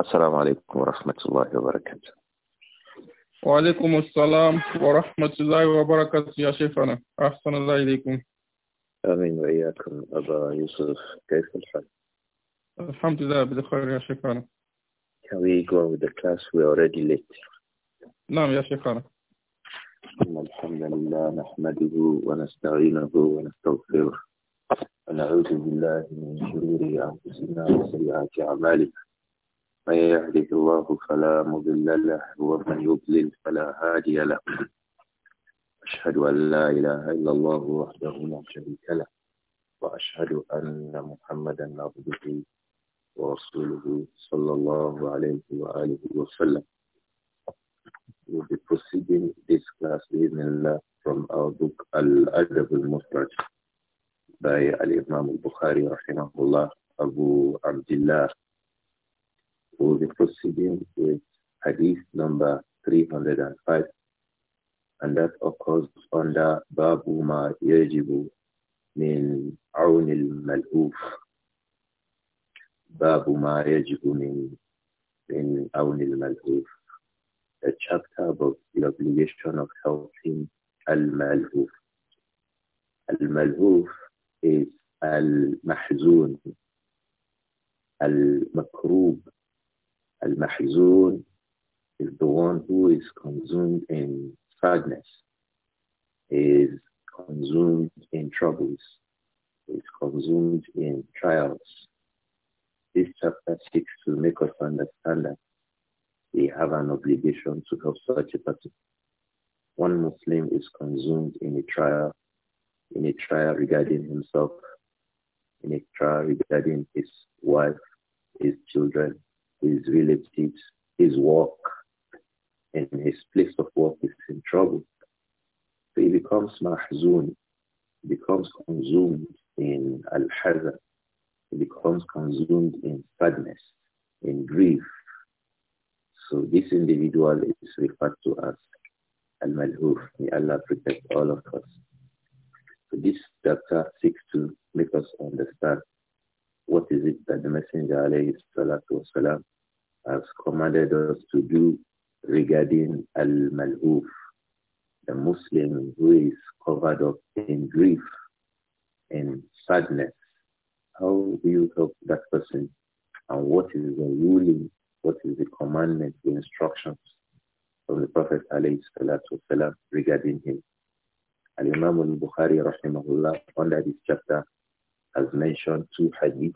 السلام عليكم ورحمة الله وبركاته وعليكم السلام ورحمة الله وبركاته يا شيخنا أحسن الله إليكم آمين وإياكم أبا يوسف كيف الحال؟ الحمد لله بخير يا شيخنا Can we go with the class? We are already late. نعم يا شيخنا إن الحمد لله نحمده ونستعينه ونستغفره ونعوذ بالله من شرور أنفسنا وسيئات أعمالنا من يهده الله فلا مضل له ومن يضلل فلا هادي له أشهد أن لا إله إلا الله وحده لا شريك له وأشهد أن محمدا عبده ورسوله صلى الله عليه وآله وسلم We'll be proceeding this class بإذن from our book Al-Adab al-Mufraj by Al-Imam al-Bukhari رحمه الله Abu Abdullah We'll be proceeding with hadith number 305 and that occurs under Babu ma yajibu min awn al-mal'uf. Babu ma yajibu min, min al-mal'uf. A chapter about the obligation of helping al-mal'uf. Al-mal'uf is al-mahzun, al makroob Al-Mahzun is the one who is consumed in sadness, is consumed in troubles, is consumed in trials. This chapter seeks to make us understand that we have an obligation to help such a person. One Muslim is consumed in a trial, in a trial regarding himself, in a trial regarding his wife, his children, his relatives, his work, and his place of work is in trouble. So he becomes mahzun, becomes consumed in al-hazan, he becomes consumed in sadness, in grief. So this individual is referred to as al-malhuf. May Allah protect all of us. So this chapter seeks to make us understand what is it that the Messenger alayhi salatu wasalam has commanded us to do regarding al-mal'uf, the Muslim who is covered up in grief, and sadness. How do you help that person? And what is the ruling? What is the commandment, the instructions from the Prophet والسلام, regarding him? Al-Imam al-Bukhari rahimahullah under this chapter has mentioned two hadiths,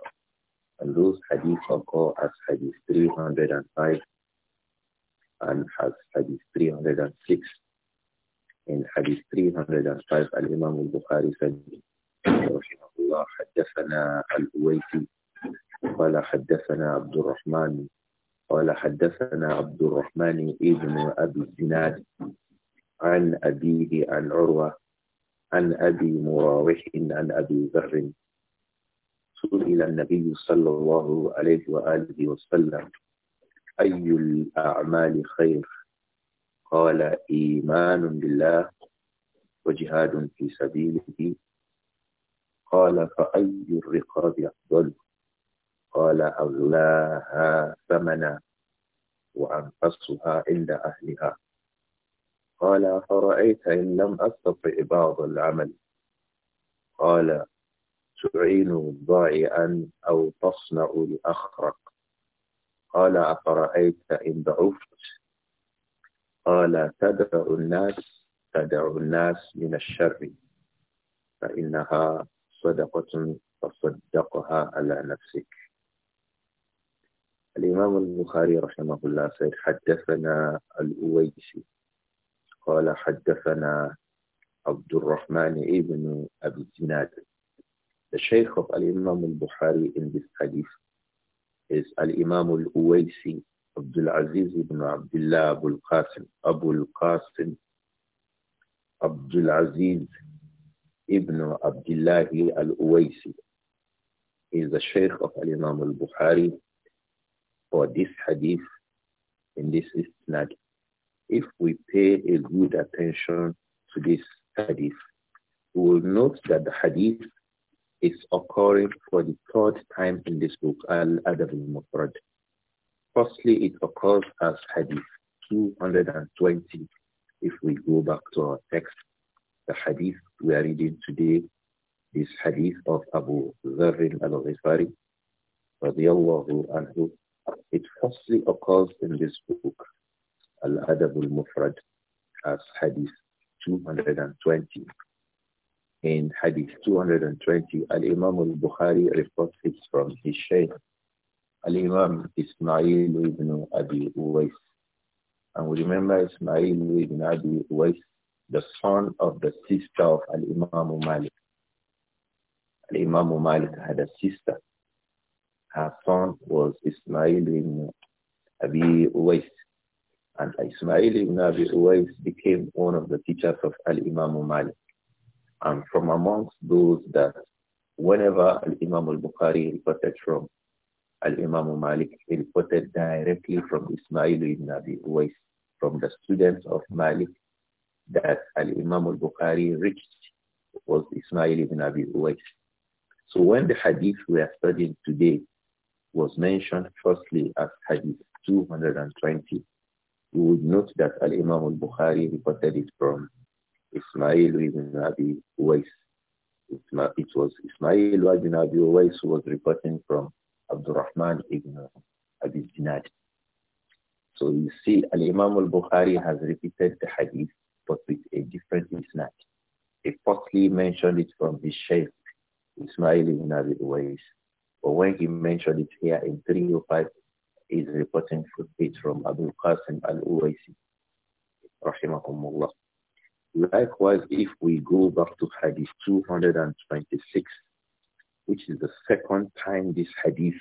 and those hadiths occur as hadith 305 and has hadith 306. In hadith 305, Al-Imam al-Bukhari said, رحمه الله حدثنا الأويسي قال حدثنا عبد الرحمن قال حدثنا عبد الرحمن ابن أبي الزناد عن أبيه عن عروة عن أبي مراوح عن أبي ذر سئل النبي صلى الله عليه وآله وسلم أي الأعمال خير قال إيمان بالله وجهاد في سبيله قال فأي الرقاب أفضل قال أغلاها ثمنا وأنفسها عند أهلها قال فرأيت إن لم أستطع بعض العمل قال تعين ضائعا أو تصنع الأخرق قال أفرأيت إن ضعفت قال تدع الناس تدع الناس من الشر فإنها صدقة تصدقها على نفسك الإمام البخاري رحمه الله سيد حدثنا الأويسي قال حدثنا عبد الرحمن ابن أبي الزناد The Shaykh of Al-Imam al-Bukhari in this hadith is Al-Imam al-Uwaisi Abdul Aziz ibn Abdullah Abu al-Qasim, Abu al-Qasim, Abdul Aziz ibn Abdullah al-Uwaisi. is the Shaykh of Al-Imam al-Bukhari for this hadith in this isnad. If we pay a good attention to this hadith, we will note that the hadith is occurring for the third time in this book, Al-Adab al-Mufrad. Firstly, it occurs as hadith 220 if we go back to our text. The hadith we are reading today is hadith of Abu Dharr al-Ghifari radiallahu anhu. It firstly occurs in this book, Al-Adab al-Mufrad, as hadith 220 in Hadith 220, Al-Imam al-Bukhari reports it from his Shaykh, Al-Imam Ismail ibn Abi Uwais. And we remember Ismail ibn Abi Uwais, the son of the sister of Al-Imam Malik. Al-Imam Malik had a sister. Her son was Ismail ibn Abi Uwais. And Ismail ibn Abi Uwais became one of the teachers of Al-Imam Malik. And from amongst those that whenever Al-Imam al-Bukhari reported from Al-Imam Malik, he reported directly from Ismail ibn Abi Uwais, from the students of Malik that Al-Imam al-Bukhari reached was Ismail ibn Abi Uwais. So when the hadith we are studying today was mentioned firstly as hadith 220, we would note that Al-Imam al-Bukhari reported it from Ismail ibn Abi Uwais. It was Ismail ibn Abi Uwais who was reporting from Abdurrahman ibn Abi Zinad. So you see, Al-Imam al-Bukhari has repeated the hadith, but with a different isnad. He firstly mentioned it from his sheikh, Ismail ibn Abi Uwais. But when he mentioned it here in 305, he's reporting from Abu Qasim al-Uwaisi, rahimahumullah. Likewise, if we go back to Hadith 226, which is the second time this Hadith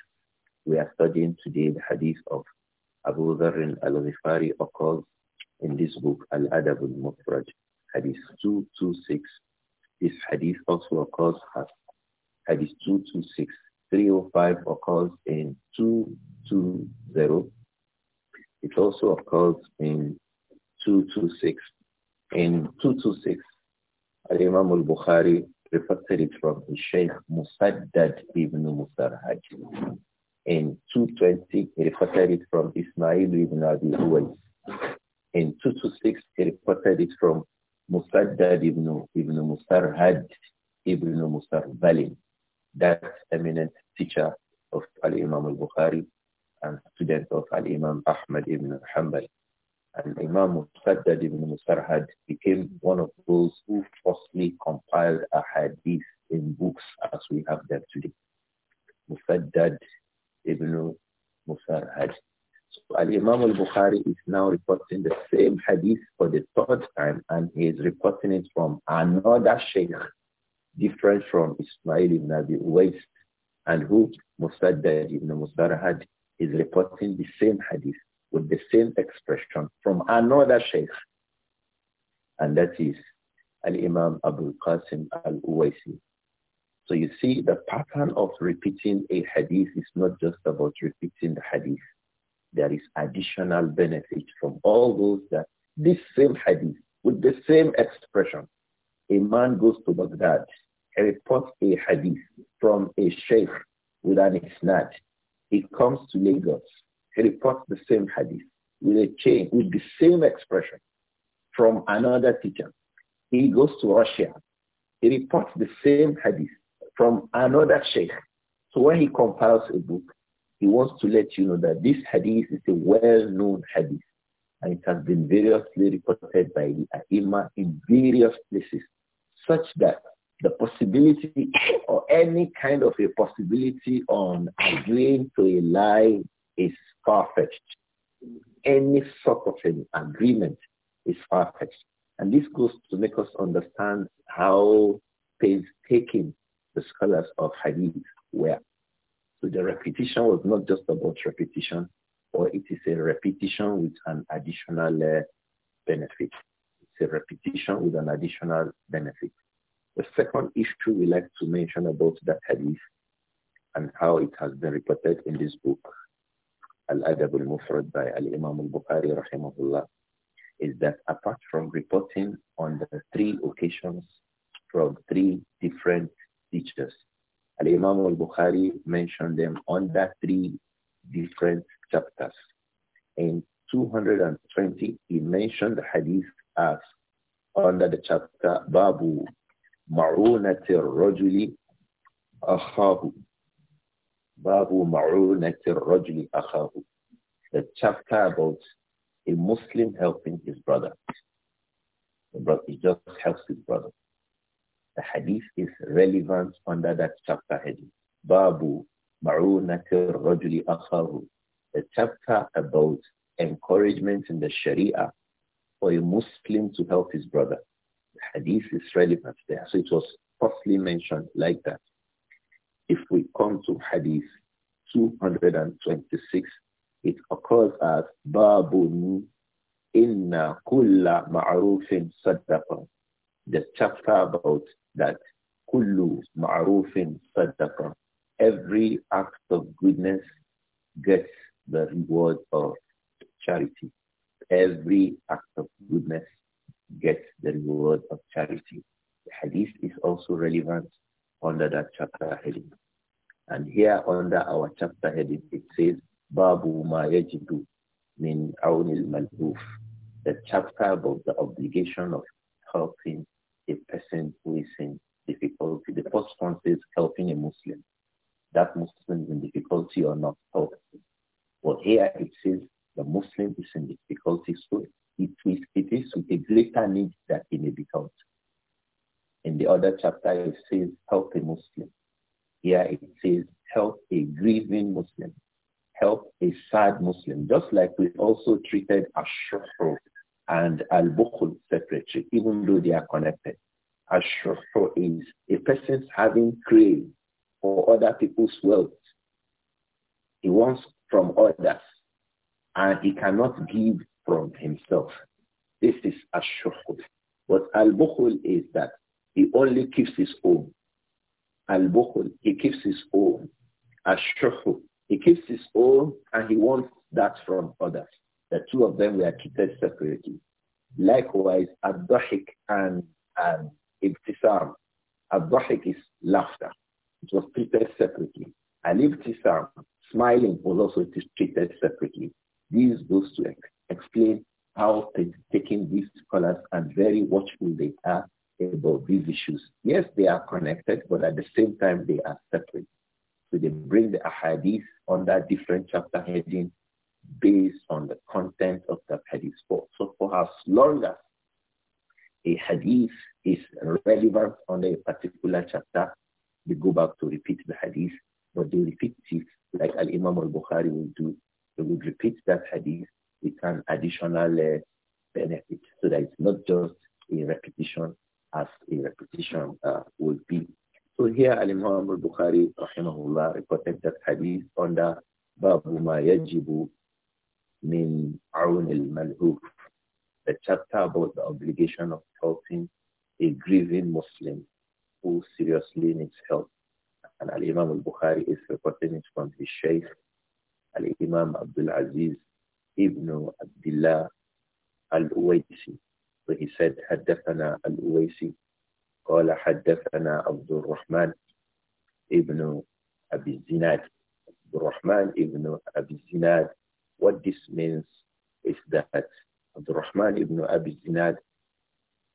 we are studying today, the Hadith of Abu Dharr al-Ghifari occurs in this book, Al-Adab al-Mufraj, Hadith 226. This Hadith also occurs as Hadith 226. 305 occurs in 220. It also occurs in 226 in 226, Al-Imam al-Bukhari reported it from his Sheikh Musaddad ibn Musarhaj. In 220, he reported it from Ismail ibn Abi Huwais. In 226, he reported it from Musaddad ibn, ibn Musarhad ibn Musarbalin, that eminent teacher of Al-Imam al-Bukhari and student of Al-Imam Ahmad ibn Hanbal. And Imam Musaddad ibn Musarhad became one of those who firstly compiled a hadith in books as we have them today. Musaddad ibn Musarhad. So Al-Imam al-Bukhari is now reporting the same hadith for the third time and he is reporting it from another sheikh different from Ismail ibn Abi Uwais and who Musaddad ibn Musarhad is reporting the same hadith with the same expression from another sheikh, and that is Al-Imam Abu Qasim Al-Uwaisi. So you see, the pattern of repeating a hadith is not just about repeating the hadith. There is additional benefit from all those that this same hadith, with the same expression, a man goes to Baghdad and reports a hadith from a sheikh with an isnad. He comes to Lagos he reports the same hadith with a change, with the same expression from another teacher. He goes to Russia. He reports the same hadith from another sheikh. So when he compiles a book, he wants to let you know that this hadith is a well-known hadith and it has been variously reported by the Aima in various places such that the possibility or any kind of a possibility on agreeing to a lie is far-fetched. Any sort of an agreement is far-fetched. And this goes to make us understand how painstaking the scholars of Hadith were. So the repetition was not just about repetition, or it is a repetition with an additional uh, benefit. It's a repetition with an additional benefit. The second issue we like to mention about that hadith and how it has been reported in this book Al-Adab al-Mufrad by imam al-Bukhari rahimahullah is that apart from reporting on the three occasions from three different teachers, Al-Imam al-Bukhari mentioned them under three different chapters. In 220, he mentioned the hadith as under the chapter Babu Ma'unati Rajuli Akhahu Babu Ma'unati Rajli Akhahu. The chapter about a Muslim helping his brother. But he just helps his brother. The hadith is relevant under that chapter heading. Babu Ma'unati Rajli Akhahu. The chapter about encouragement in the Sharia for a Muslim to help his brother. The hadith is relevant there. So it was firstly mentioned like that. If we come to Hadith 226, it occurs as Babun Inna Kulla Ma'rufin Sadaqa. The chapter about that Kullu Ma'rufin Sadaqa. Every act of goodness gets the reward of charity. Every act of goodness gets the reward of charity. The hadith is also relevant under that chapter heading. And here under our chapter heading, it says, Babu ma yajidu min awnil malhuf. The chapter about the obligation of helping a person who is in difficulty. The first one says helping a Muslim. That Muslim is in difficulty or not helped. Oh. But here it says the Muslim is in difficulty, so it is, it is with a greater need that he may be helped other chapter it says help a Muslim. Here it says help a grieving Muslim. Help a sad Muslim. Just like we also treated Ashur and Al-Bukhul separately, even though they are connected. Ashur is a person having greed for other people's wealth. He wants from others and he cannot give from himself. This is Ashur. What Al-Bukhul is that he only keeps his own. Al-Bukhul, he keeps his own. ash he keeps his own and he wants that from others. The two of them were treated separately. Likewise, Abdahik and, and Ibtisam. Abdahik is laughter. It was treated separately. And Ibtisam, smiling, was also treated separately. These goes to explain how taking these colours and very watchful they are these issues. Yes, they are connected, but at the same time, they are separate. So they bring the ahadith under different chapter headings based on the content of the hadith. For, so for as long as a hadith is relevant under a particular chapter, they go back to repeat the hadith, but they repeat it like Al-Imam al-Bukhari will do. They would repeat that hadith with an additional uh, Here Al-Imam al-Bukhari rahimahullah reported that hadith under Babu ma yajibu min aun al-malhuf, the chapter about the obligation of helping a grieving Muslim who seriously needs help. And Al-Imam al-Bukhari is reporting it from his Shaykh, Al-Imam Abdul Aziz ibn Abdullah al-Uwaisi. So he said, حدثنا الأويسي قال حدثنا عبد الرحمن ابن أبي الزناد عبد الرحمن ابن أبي الزناد what this means is that عبد الرحمن ibn Abi Zinad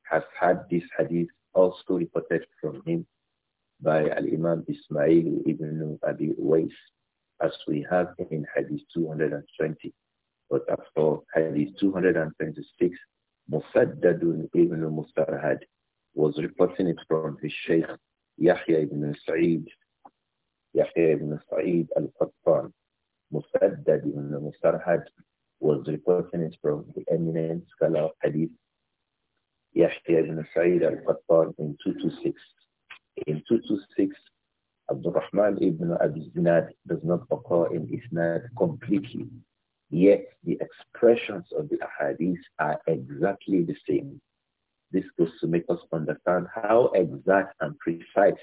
has had this hadith also reported from him by Al-Imam Ismail ibn Abi Uwais as we have in hadith 220. But after for hadith 226, Musaddadun ibn Musarhad was reporting it from his Sheikh Yahya ibn Sa'id, Yahya ibn Sa'id al-Qattan. Musaddad ibn Musarhad was reporting it from the eminent scholar of Hadith, Yahya ibn Sa'id al-Qattan in 226. In 226, Rahman ibn Abi Zinad does not occur in Isnad completely, yet the expressions of the Ahadith are exactly the same. This goes to make us understand how exact and precise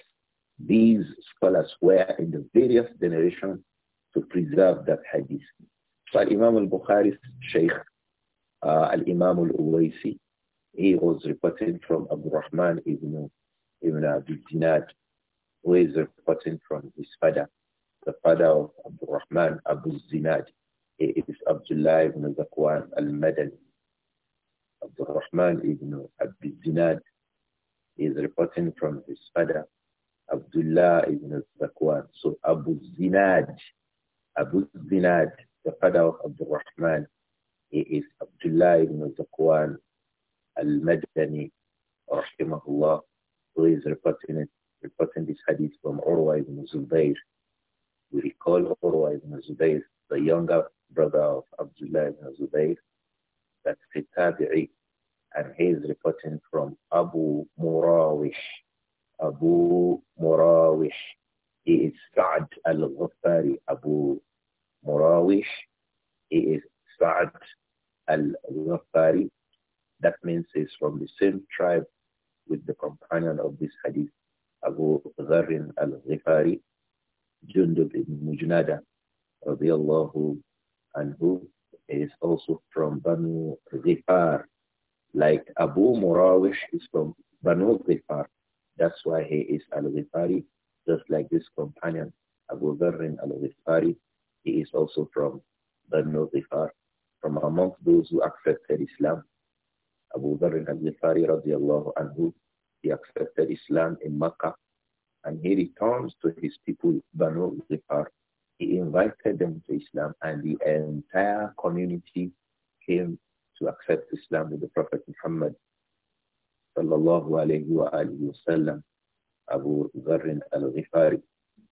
these scholars were in the various generations to preserve that hadith. So Imam al-Bukhari's Sheikh, uh, Al-Imam al-Uwaisi, he was reporting from Abu Rahman ibn, ibn Abi Dinad, who is reporting from his father, the father of Abu Rahman, Abu Zinad. It is Abdullah ibn Zakwan al-Madani. Abdul Rahman ibn Abi Zinad is reporting from his father, Abdullah ibn Zakwan. So Abu Zinad, Abu Zinad, the father of Abdul Rahman, he is Abdullah ibn Zakwan al-Madani, rahimahullah, who is reporting, it, reporting this hadith from Urwa ibn Zubayr. We recall Urwa ibn Zubayr, the younger brother of Abdullah ibn Zubayr, that is a tabi'i, and he is reporting from Abu Murawish. Abu Murawish. He is Sa'd al-Ghaffari. Abu Murawish. He is Sa'd al-Ghaffari. That means he's from the same tribe with the companion of this hadith, Abu Zarin al-Ghifari, Jundub ibn Mujnada, radiallahu anhu, is also from Banu Zifar. Like Abu Murawish is from Banu Zifar. That's why he is Al-Zifari, just like this companion, Abu Dharrin Al-Zifari. He is also from Banu Zifar. From amongst those who accepted Islam, Abu Dharrin Al-Zifari radiallahu anhu, he accepted Islam in Makkah and he returns to his people Banu Zifar he invited them to Islam and the entire community came to accept Islam with the Prophet Muhammad sallallahu alayhi wa alihi wasallam. Abu Dharr al-Ghifari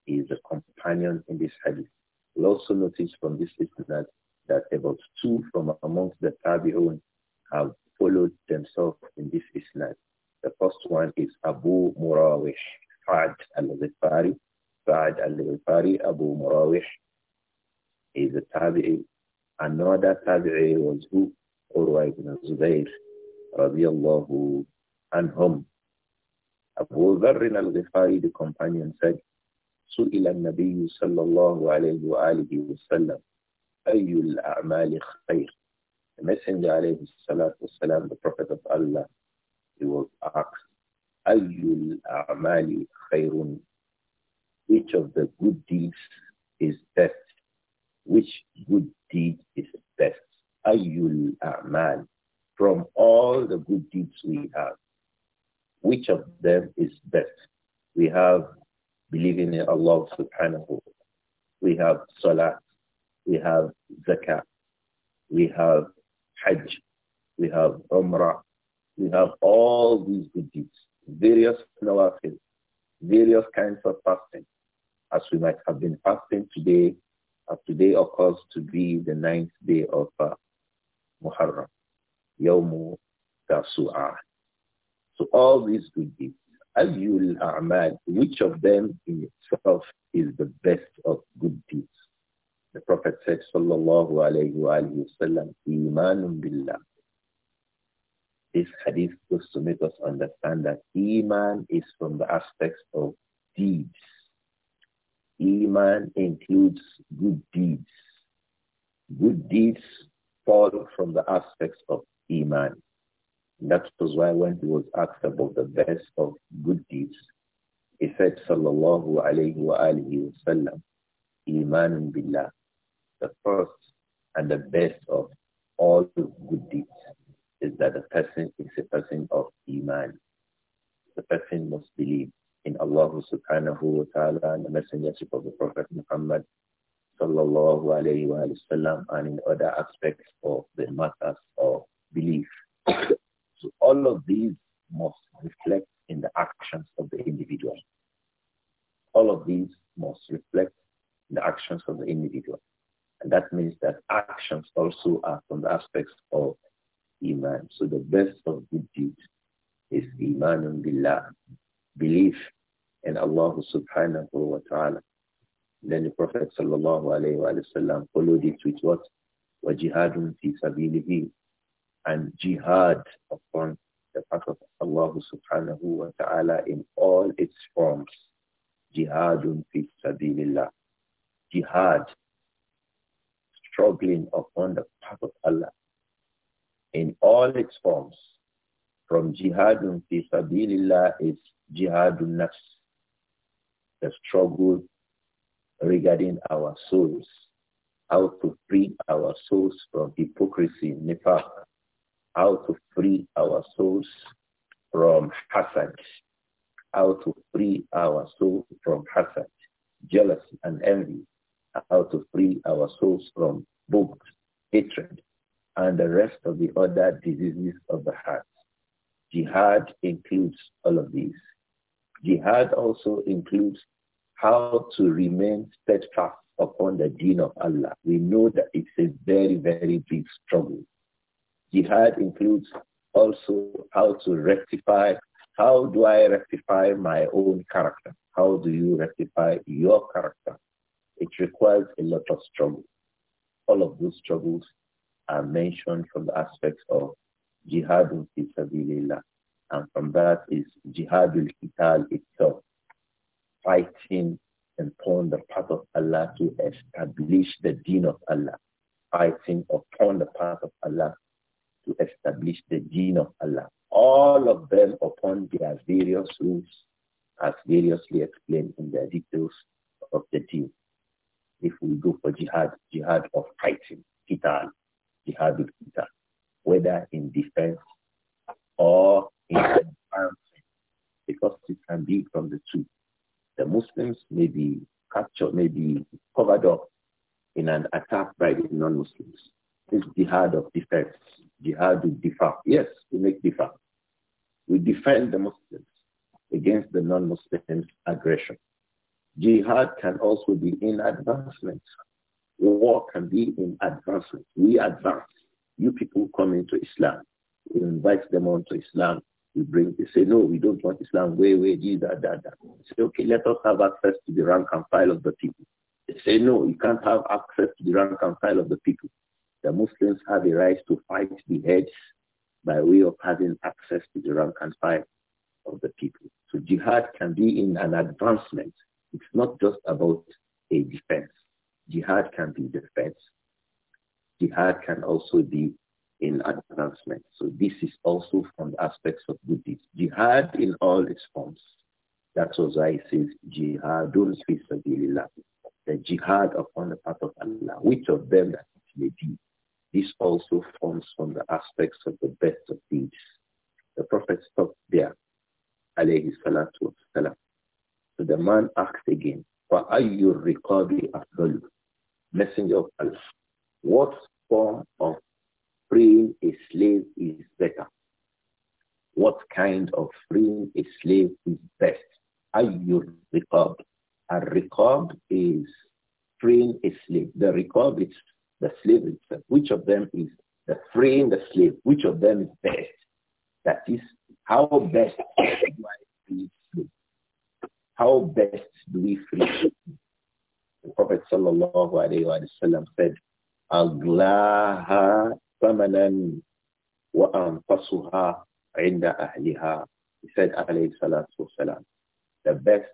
is a companion in this hadith. We also notice from this hadith that about two from amongst the Tabi'un have followed themselves in this Islam. The first one is Abu Murawish Fa'ad al-Ghifari Sa'd al-Ghifari, Abu Murawih, is a tabi'i. Another tabi'i was who? Urwa ibn Zubayr, radiyallahu anhum. Abu Dharr al-Ghifari, the companion, said, سئل النبي صلى الله عليه وآله وسلم أي الأعمال خير The Messenger عليه الصلاة والسلام, the Prophet of Allah, he was asked أي الأعمال خير which of the good deeds is best? Which good deed is best? Ayyul A'mal. From all the good deeds we have, which of them is best? We have believing in Allah subhanahu. We have salah. We have zakah. We have hajj. We have umrah. We have all these good deeds, various nawafil, various kinds of fasting, as we might have been fasting today, today today occurs to be the ninth day of uh, Muharram, Yawmu Tasu'ah. So all these good deeds, Ayyul A'mal, which of them in itself is the best of good deeds? The Prophet said, Sallallahu Alaihi Wasallam, Imanun Billah. This hadith was to make us understand that Iman is from the aspects of deeds Iman includes good deeds. Good deeds fall from the aspects of Iman. That was why when he was asked about the best of good deeds, he said, Sallallahu alayhi wa alihi wasallam, Iman billah, the first and the best of all good deeds is that a person is a person of Iman. The person must believe in Allah subhanahu wa ta'ala and the messengership of the Prophet Muhammad sallallahu alayhi wa sallam and in other aspects of the matters of belief. so all of these must reflect in the actions of the individual. All of these must reflect the actions of the individual. And that means that actions also are from the aspects of Iman. So the best of good deeds is and Billah, belief in Allah subhanahu wa ta'ala. Then the Prophet sallallahu alayhi wa sallam followed it with what? Jihadun fi Sabilihi And jihad upon the path of Allah subhanahu wa ta'ala in all its forms. Jihadun fi sabilillah. Jihad, struggling upon the path of Allah in all its forms. From jihadun fi sabilillah is jihadun nafs, the struggle regarding our souls, how to free our souls from hypocrisy in Nepal, how to free our souls from hatred, how to free our souls from hatred, jealousy and envy, how to free our souls from books, hatred, and the rest of the other diseases of the heart. Jihad includes all of these. Jihad also includes how to remain steadfast upon the deen of Allah. We know that it's a very, very big struggle. Jihad includes also how to rectify, how do I rectify my own character? How do you rectify your character? It requires a lot of struggle. All of those struggles are mentioned from the aspects of jihad in and from that is jihadul qital itself, fighting upon the path of Allah to establish the deen of Allah, fighting upon the path of Allah to establish the deen of Allah. All of them upon their various rules as variously explained in the details of the deen. If we go for jihad, jihad of fighting, qital, jihad of qital, whether in defense or because it can be from the two. The Muslims may be captured, may be covered up in an attack by the non-Muslims. It's jihad of defense, jihad to defend. Yes, we make defense. We defend the Muslims against the non-Muslims' aggression. Jihad can also be in advancement. War can be in advancement. We advance. You people come into Islam. We invite them onto Islam we bring, they say, no, we don't want Islam. Way, way, this, that, that, that. Say, okay, let us have access to the rank and file of the people. They say, no, you can't have access to the rank and file of the people. The Muslims have the right to fight the heads by way of having access to the rank and file of the people. So jihad can be in an advancement. It's not just about a defense. Jihad can be defense. Jihad can also be in advancement. So this is also from the aspects of good deeds. Jihad in all its forms. That's why Jihad says jihadun fi sabilillah. The jihad upon the path of Allah, which of them that it may be. This also forms from the aspects of the best of deeds. The Prophet stopped there, alayhi salatu wasalam. So the man asked again, فَأَيُّ الرِّقَابِ أَفْضَلُ Messenger of Allah, what form of freeing a slave is better? What kind of freeing a slave is best? Ayyur riqab. A riqab is freeing a slave. The riqab is the slave itself. Which of them is the freeing the slave? Which of them is best? That is, how best do I free slave? How best do we free slave? The Prophet sallallahu alayhi wa sallam said, Aglaha he said The best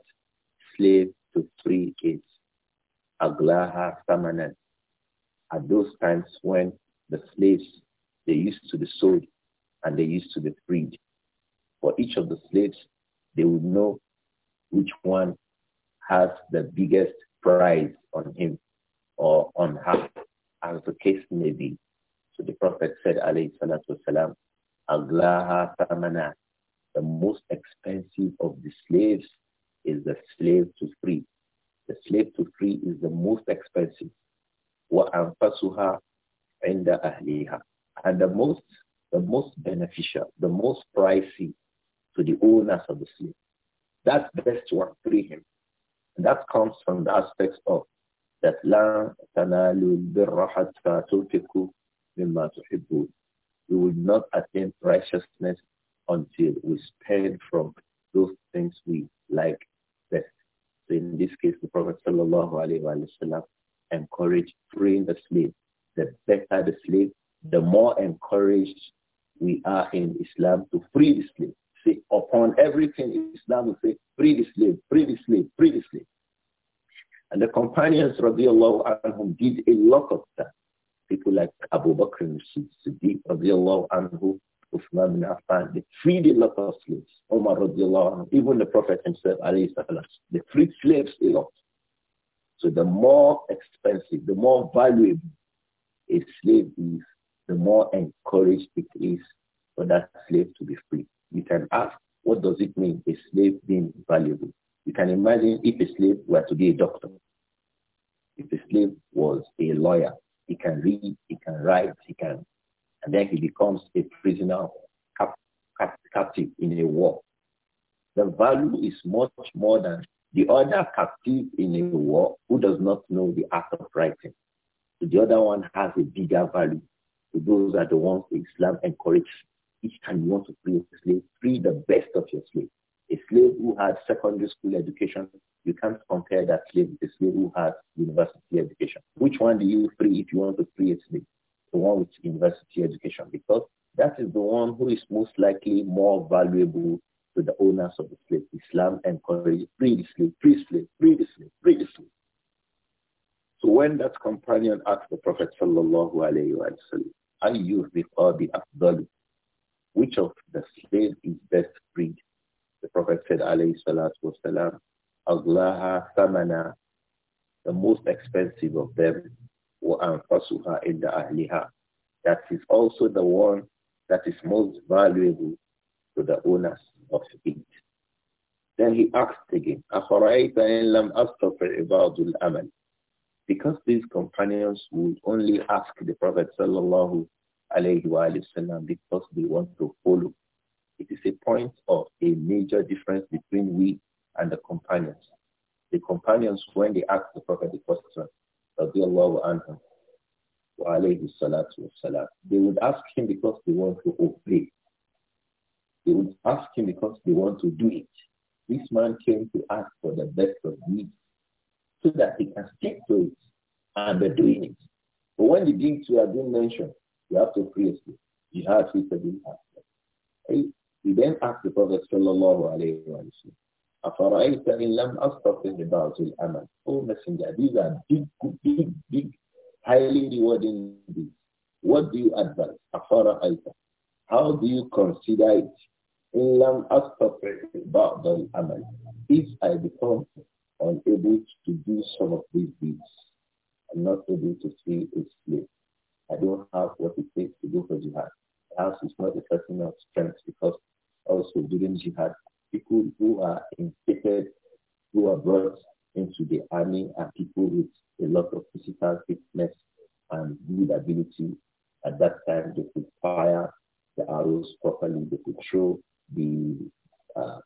slave to free is Aglaha ثمنا At those times when the slaves they used to be sold and they used to be freed. For each of the slaves, they would know which one has the biggest prize on him or on her, as the case may be the Prophet said, alayhi salatu wasalam, Aglaha tamana. The most expensive of the slaves is the slave to free. The slave to free is the most expensive. وَأَنْفَسُهَا عِنْدَ أَهْلِهَا And the most, the most beneficial, the most pricey to the owners of the slave. That's best one, free him. And that comes from the aspects of that la تَنَالُوا الْبِرَّ حَتَّى تُنْفِقُوا مما تحبون we will not attain righteousness until we spend from those things we like best. So in this case, the Prophet ﷺ encouraged freeing the slave. The better the slave, the more encouraged we are in Islam to free the slave. See, upon everything, Islam will say, free the slave, free the slave, free the slave. And the companions, radiallahu anhum, did a lot of that people like Abu Bakr Siddiq radiallahu anhu, Uthman bin Affan, they freed a lot of slaves. Omar even the Prophet himself, Ali, salam, they freed slaves a lot. So the more expensive, the more valuable a slave is, the more encouraged it is for that slave to be free. You can ask, what does it mean, a slave being valuable? You can imagine if a slave were to be a doctor, if a slave was a lawyer, he can read, he can write, he can, and then he becomes a prisoner, cap, cap, captive in a war. The value is much more than the other captive in a war who does not know the art of writing. The other one has a bigger value. So those are the ones Islam encourages. Each time you want to free a slave, free the best of your slave. A slave who had secondary school education, you can't compare that slave with a slave who has university education. Which one do you free if you want to free a slave? The one with university education, because that is the one who is most likely more valuable to the owners of the slave. Islam encourages free the slave, free slave, free the slave, free the slave. So when that companion asked the Prophet sallallahu alayhi wa sallam, which of the slave is best freed? The Prophet said alayhi salatu wa salam, Aglaha samana the most expensive of them, وَأَنْفَسُهَا إِنَّ أَهْلِهَا That is also the one that is most valuable to the owners of it. Then he asked again, أَفَرَأَيْتَ إِنْ لَمْ أَسْتَطِعْ بَعْضُ الْأَمَلِ Because these companions would only ask the Prophet sallallahu alayhi wa sallam because they want to follow. It is a point of a major difference between we and the companions the companions, when they asked the Prophet the question, radiallahu wa alayhi salatu wasalam, they would ask him because they want to obey. They would ask him because they want to do it. This man came to ask for the best of needs so that he can stick to it and be doing it. But when the deeds have being mentioned, you have to praise it. You have to be asked. He then asked the Prophet sallallahu alayhi wa sallam, أَفَرَأَيْتَ إِنْ لَمْ أَسْتَطِعْ بَعْضُ الْأَمَلِ Oh Messenger, these are big, big, big, highly rewarding deeds. What do you advise? أَفَرَأَيْتَ How do you consider it? إِنْ لَمْ أَسْتَطِعْ بَعْضُ الْأَمَلِ If I become unable to do some of these deeds, I'm not able to see a slave. I don't have what it takes to do for jihad. Perhaps it's not a person of strength because also during jihad, people who are infected, who are brought into the army are people with a lot of physical fitness and good ability. At that time, they could fire the arrows properly. They could throw the, uh,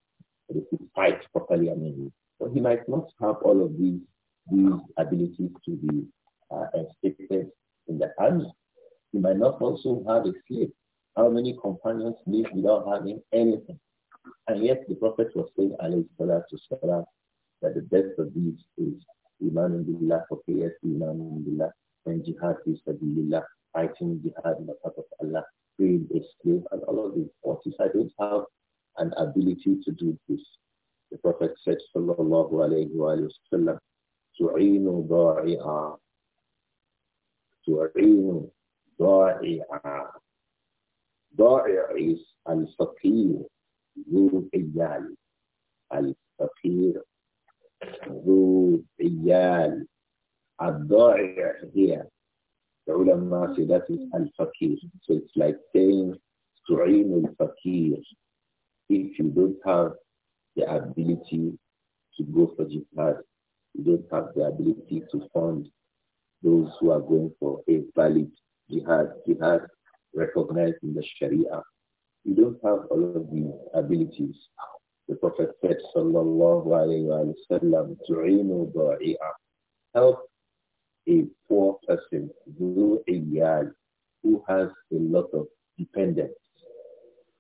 they could fight properly. I mean, so he might not have all of these, these abilities to be uh, in the army. He might not also have a slave. How many companions live without having anything? And yet the Prophet was saying, alayhi salatu salam, that the best of these is iman billah, faqiyat iman billah, and jihad is sabilillah, fighting jihad in the path of Allah, freeing a slave, and all of these. What if I don't have an ability to do this? The Prophet said, sallallahu alayhi wa sallam, tu'inu da'i'a, tu'inu da'i'a. Da'i' is al-faqir, ذو عيال الفقير ذو عيال الضائع here the ulama say that is al-fakir so it's like saying tu'in al-fakir if you don't have the ability to go for jihad you don't have the ability to fund those who are going for a valid jihad jihad recognized in the sharia you don't have all of these abilities. The Prophet said, Sallallahu Alaihi Wasallam, Ba'i'a. Help a poor person, yard, who has a lot of dependents.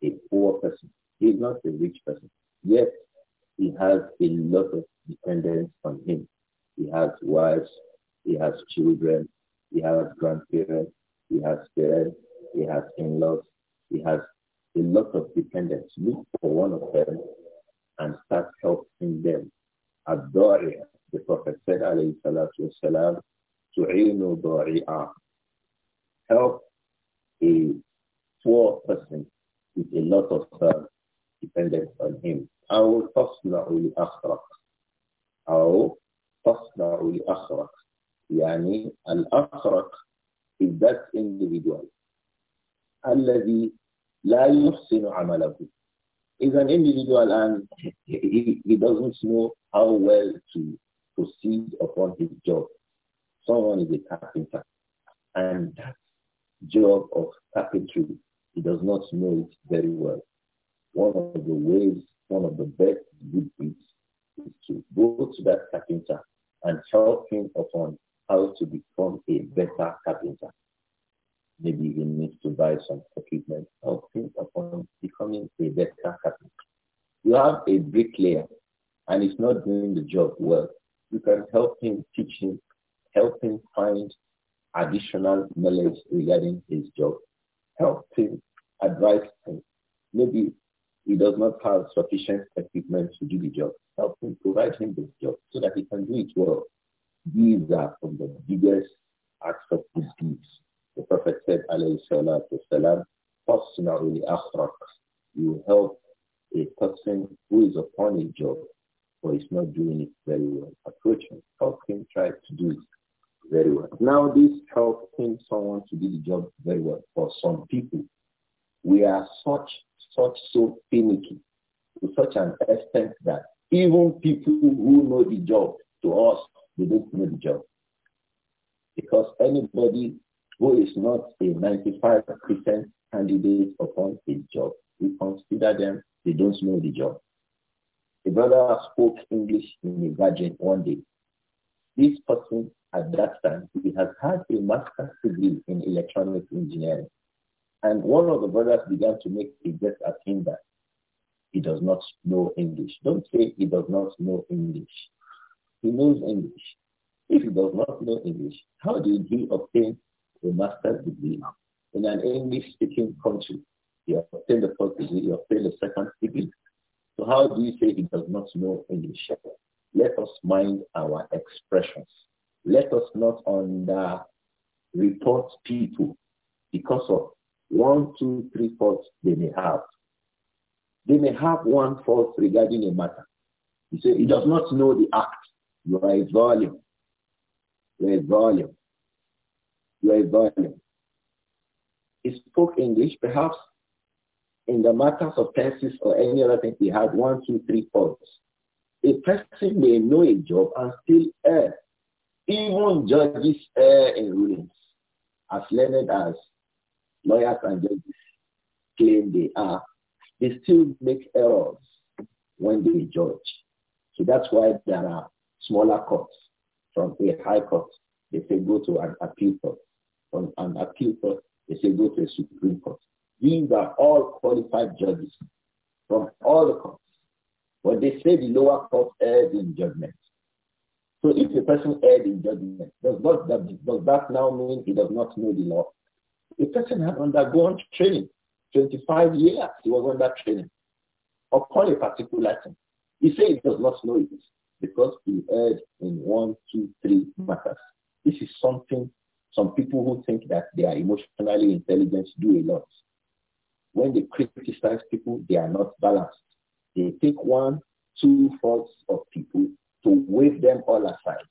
A poor person. He's not a rich person. Yet, he has a lot of dependents on him. He has wives, he has children, he has grandparents, he has parents, he has in-laws, he has a lot of dependents. Look for one of them and start helping them. Adoria, the Prophet said, alayhi salatu To tu'inu dari'a. Help a poor person with a lot of uh, dependence on him. أو تصنع لأخرق أو تصنع لأخرق يعني الأخرق is that individual الذي La yusinu amalakum. If an individual and he, he doesn't know how well to proceed upon his job, someone is a carpenter, and that job of carpentry, he does not know it very well. One of the ways, one of the best good deeds is to go to that carpenter and help him upon how to become a better carpenter. Maybe he needs to buy some equipment you have a bricklayer and he's not doing the job well, you can help him teach him, help him find additional knowledge regarding his job, help him, advise him. Maybe he does not have sufficient equipment to do the job. Help him, provide him the job so that he can do it well. These are from the biggest acts of good deeds. The Prophet said, alayhi salatu wasalam, you help a person who is upon a job or is not doing it very well, approach him, help him try to do it very well. Now this helping someone to do the job very well for some people, we are such, such so finicky to such an extent that even people who know the job to us, they don't know the job. Because anybody who is not a 95% candidate upon a job we consider them, they don't know the job. A brother spoke English in a virgin one day. This person at that time, he has had a master's degree in electronics engineering. And one of the brothers began to make a guess at him that he does not know English. Don't say he does not know English. He knows English. If he does not know English, how did he obtain a master's degree in an English-speaking country? You obtain the first degree, you obtain the second degree. So how do you say he does not know English? Let us mind our expressions. Let us not under report people because of one, two, three faults they may have. They may have one fault regarding a matter. You say he does not know the act. You are a volume. You are a volume. You are a volume. He spoke English. Perhaps in the matters of cases or any other thing, we had one, two, three points. A person may know a job and still err. Even judges err in rulings, as learned as lawyers and judges claim they are. They still make errors when they judge. So that's why there are smaller courts from a high court. They say go to an appeal court. From an appeal court, they say go to a supreme court. These are all qualified judges from all the courts. But they say the lower court erred in judgment. So if a person erred in judgment, does, not, does that now mean he does not know the law? The person had undergone training. 25 years he was under training upon a particular thing. He said he does not know it because he erred in one, two, three matters. This is something some people who think that they are emotionally intelligent do a lot. When they criticize people, they are not balanced. They take one, two faults of people to wave them all aside.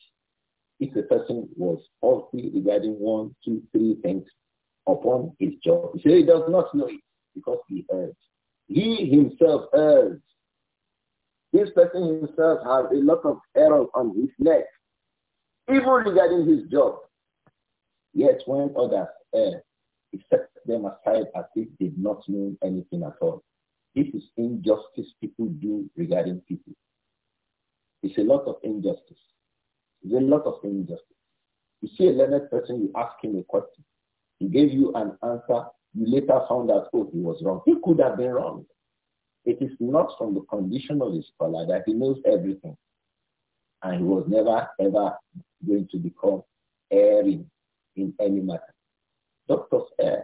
If the person was faulty regarding one, two, three things upon his job, he, said he does not know it because he erred. He himself erred. This person himself has a lot of errors on his neck, even regarding his job. Yet when others err, he sets them aside as if they did not know anything at all. This is injustice people do regarding people. It's a lot of injustice. It's a lot of injustice. You see a learned person, you ask him a question. He gave you an answer. You later found out, oh, he was wrong. He could have been wrong. It is not from the condition of the scholar that he knows everything. And he was never, ever going to become erring in any matter. Doctors err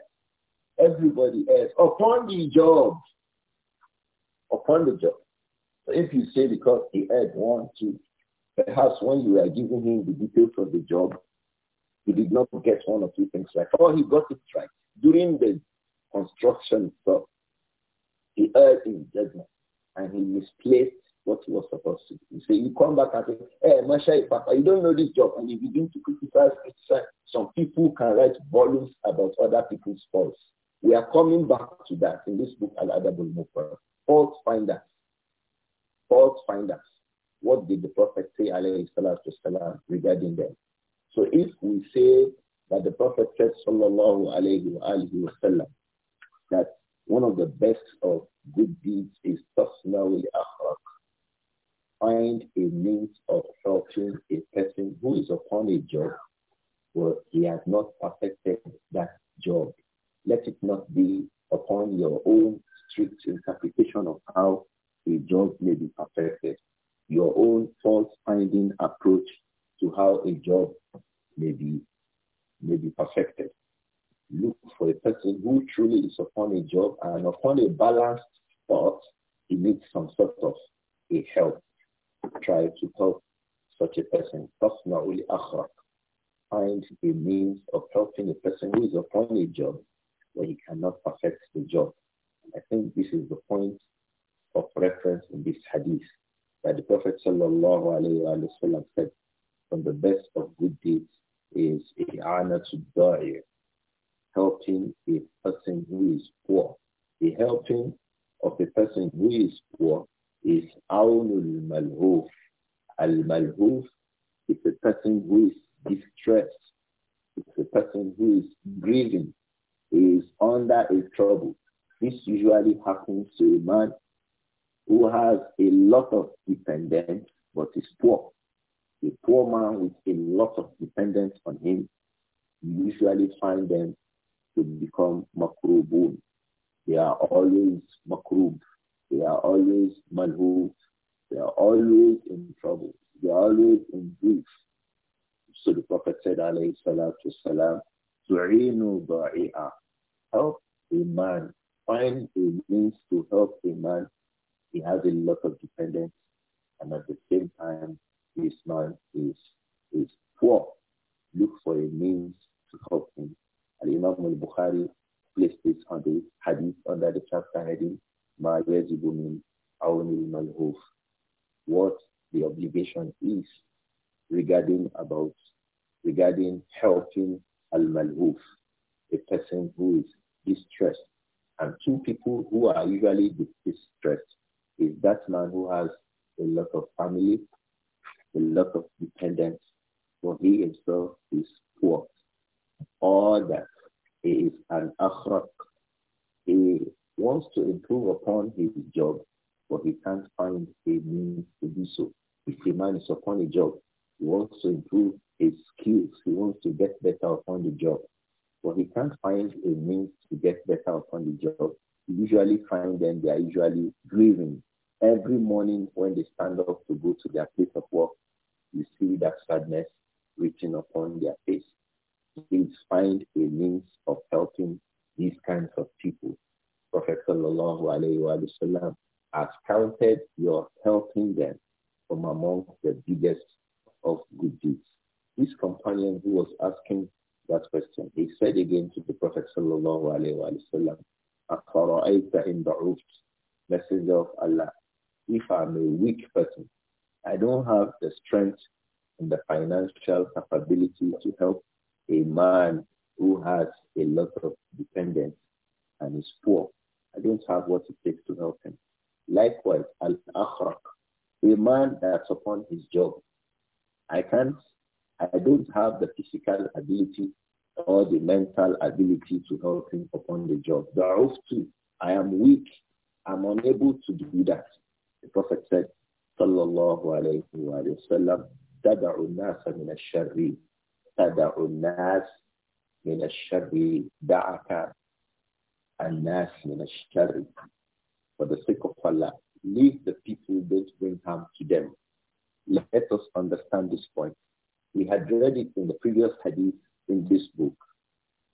everybody else upon the job. Upon the job. So if you say because he had one, two, perhaps when you were giving him the details of the job, he did not get one or two things right. Or he got it right during the construction stuff. He erred in judgment and he misplaced what he was supposed to do. You say, you come back and say, hey, eh, Mashai eh, Papa, you don't know this job. And you begin to criticize, criticize. Some people can write volumes about other people's faults. We are coming back to that in this book, al Adabul al-Mufrad. Fault finders. Fault finders. What did the Prophet say, alayhi salatu salam, regarding them? So if we say that the Prophet said, sallallahu alayhi wa alihi wa sallam, that one of the best of good deeds is tasnawi akhraq. Find a means of helping a person who is upon a job where he has not perfected that job let it not be upon your own strict interpretation of how a job may be perfected, your own fault-finding approach to how a job may be, may be perfected. Look for a person who truly is upon a job and upon a balanced thought, he needs some sort of a help. Try to help such a person. Find a means of helping a person who is upon a job where he cannot perfect the job. And I think this is the point of reference in this hadith that the Prophet sallallahu alaihi wasallam said, from the best of good deeds is to da'ir, helping a person who is poor. The helping of a person who is poor is awnul malhuf. Al-malhuf is a person who is distressed. It's a person who is grieving is under a trouble. This usually happens to a man who has a lot of dependents but is poor. A poor man with a lot of dependents on him, you usually find them to become makrubun. They are always makrub. They are always malhuf. They are always in trouble. They are always in grief. So the Prophet said, alayhi salatu salam, Tu'inu ba'i'a. Help a man. Find a means to help a man. He has a lot of dependence and at the same time this man is is poor. Look for a means to help him. Al Imam al Bukhari placed this on the hadith under the chapter heading Ma min Awnil Malhuf. What the obligation is regarding about regarding helping al a person who is distressed. And two people who are usually distressed is that man who has a lot of family, a lot of dependents, for he himself is poor. Or that he is an akhraq. He wants to improve upon his job, but he can't find a means to do so. If a man is upon a job, he wants to improve his skills. He wants to get better upon the job. But he can't find a means to get better upon the job. You usually find them, they are usually grieving. Every morning when they stand up to go to their place of work, you see that sadness reaching upon their face. Please find a means of helping these kinds of people. Prophet Sallallahu Alaihi Wasallam has counted your helping them from among the biggest of good deeds. This companion who was asking that question, he said again to the Prophet sallallahu alaihi wasallam, Messenger of Allah, if I'm a weak person, I don't have the strength and the financial capability to help a man who has a lot of dependents and is poor. I don't have what it takes to help him. Likewise, al-akhraq, a man that's upon his job, I can't, I don't have the physical ability or the mental ability to help him upon the job. The roof too, I am weak. I'm unable to do that. The Prophet said, Sallallahu alayhi wa sallam, تَدَعُ النَّاسَ مِنَ الشَّرِّ تَدَعُ النَّاسَ مِنَ الشَّرِّ دَعَكَ النَّاسِ مِنَ الشَّرِّ For the sake of Allah, leave the people, don't bring harm to them. Let us understand this point. We had read it in the previous hadith in this book.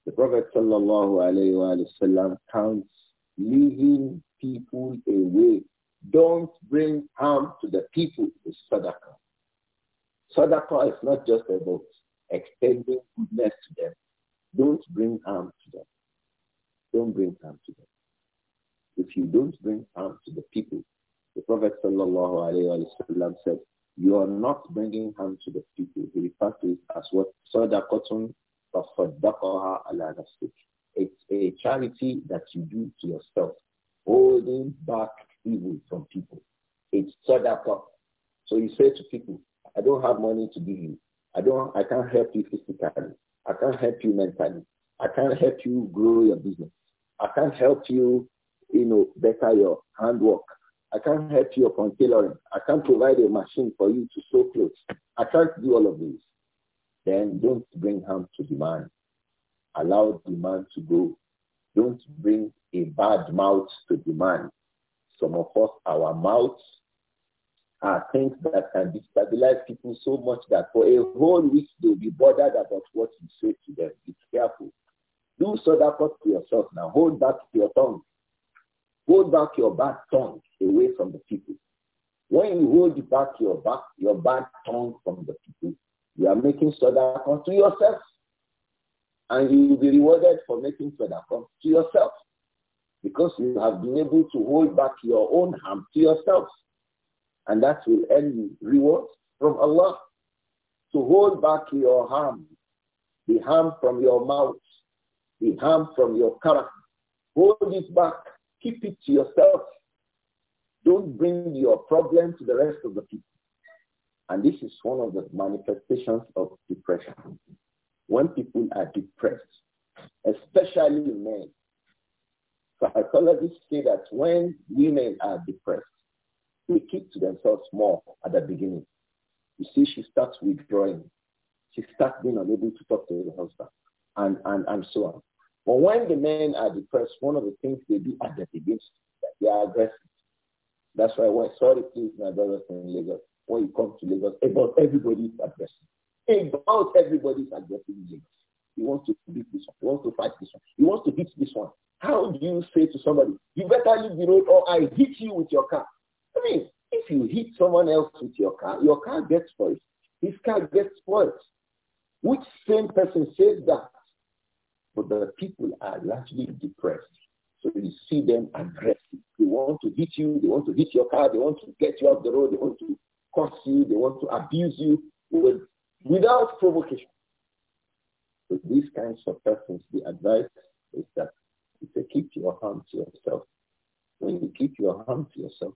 The Prophet sallallahu counts leaving people away. Don't bring harm to the people is sadaqah. Sadaqah is not just about extending goodness to them. Don't bring harm to them. Don't bring harm to them. If you don't bring harm to the people, the Prophet sallallahu said, you are not bringing harm to the people. He refers to it as what sadaqatun tasaddaqaha It's a charity that you do to yourself, holding back evil from people. It's sadaqah. So you say to people, I don't have money to give you. I don't, I can't help you physically. I can't help you mentally. I can't help you grow your business. I can't help you, you know, better your handwork. I can't help you upon tailoring. I can't provide a machine for you to sew clothes. I can't do all of this. Then don't bring harm to the man. Allow the man to go. Don't bring a bad mouth to the man. Some of us, our mouths are things that can destabilize people so much that for a whole week they'll be bothered about what you say to them. Be careful. Do so that to yourself now. Hold back your tongue. Hold back your bad tongue away from the people. When you hold back your back, your bad tongue from the people, you are making sadaqah to yourself. And you will be rewarded for making sadaqah to yourself. Because you have been able to hold back your own harm to yourself. And that will earn you rewards from Allah. To hold back your harm, the harm from your mouth, the harm from your character. Hold it back Keep it to yourself. Don't bring your problem to the rest of the people. And this is one of the manifestations of depression. When people are depressed, especially men, psychologists say that when women are depressed, they keep to themselves more at the beginning. You see, she starts withdrawing. She starts being unable to talk to her husband and, and, and so on. But when the men are depressed, one of the things they do at the beginning they are aggressive. That's why when sorry please my brothers in Lagos, when you come to Lagos, about everybody is aggressive. About everybody is aggressive in Lagos. He wants to beat this one. He wants to fight this one. He wants to hit this one. How do you say to somebody, you better leave the road or I hit you with your car? I mean, if you hit someone else with your car, your car gets spoiled. His car gets spoiled. Which same person says that but the people are largely depressed. So you see them aggressive. They want to hit you. They want to hit your car. They want to get you off the road. They want to curse you. They want to abuse you with, without provocation. So these kinds of persons, the advice is that if you keep your harm to yourself, when you keep your harm to yourself,